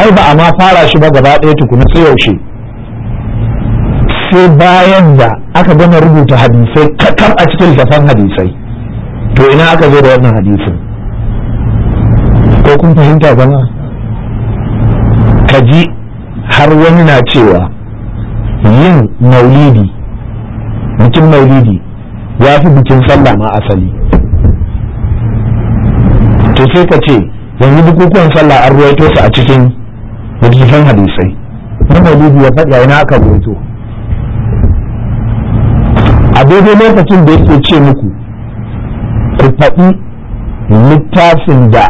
ai ba a ma fara shi ba gaba ɗaya tukuna sai yaushe sai bayan da aka gama rubuta hadisai kakar a cikin littafan hadisai to ina aka zo da wannan hadisin ko kun fahimta zama ka ji har wani na cewa yin maulidi bikin maulidi ya fi bikin sallah ma asali to sai ka ce yanzu bukukuwan sallah an ruwaito su a cikin littafin hadisai na maulidi ya faɗa yana aka ruwaito a daidai lokacin da yake ce muku ku faɗi littafin da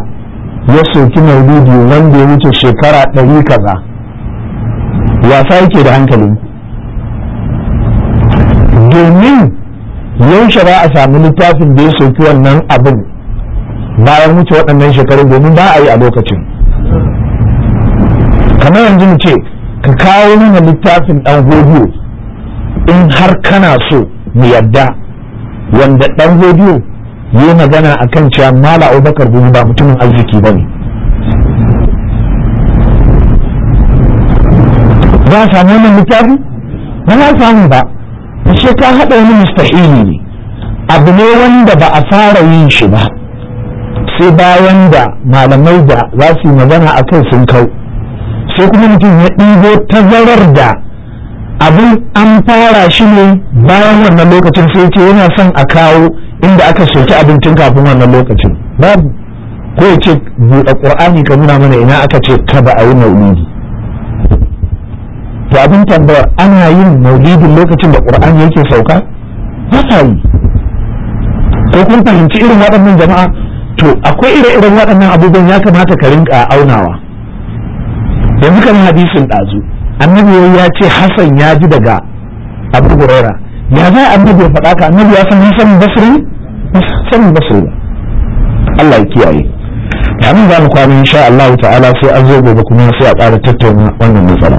ya soki maulidi wanda ya wuce shekara ɗari kaza wasa yake da hankali domin yaushe ba a sami littafin da ya soki wannan abin bayan wuce waɗannan shekarun domin ba a yi a lokacin kamar yanzu mu ce ka kawo mana littafin ɗan hodiyo in har kana so mu yadda wanda ɗan hodiyo yi magana akan cewa mala abubakar gumi ba mutumin arziki ba ne za sa samu wannan littafi ba na samu ba shi ka haɗa wani mustahili ne abu ne wanda ba a fara yin shi ba sai bayan da malamai da za su yi magana a kai sun kau sai kuma mutum ya ɗigo tazarar da abin an fara shi ne bayan wannan lokacin sai ce yana son a kawo inda aka soki abincin kafin wannan lokacin babu ko ya ce buɗe ƙur'ani ka nuna mana ina aka ce ka ba a yi maulidi to abin tambayar ana yin maulidin lokacin da qur'ani yake sauka ba ko kun fahimci irin waɗannan jama'a to akwai ire-iren waɗannan abubuwan ya kamata ka rinka aunawa yanzu kan hadisin ɗazu annabi ya ce Hassan ya ji daga abu huraira ya za annabi ya faɗa ka annabi ya san hassan basri hasan basri Allah ya kiyaye Amin za mu kwana insha Allah ta'ala sai an zo gobe kuma sai a ƙara tattauna wannan matsala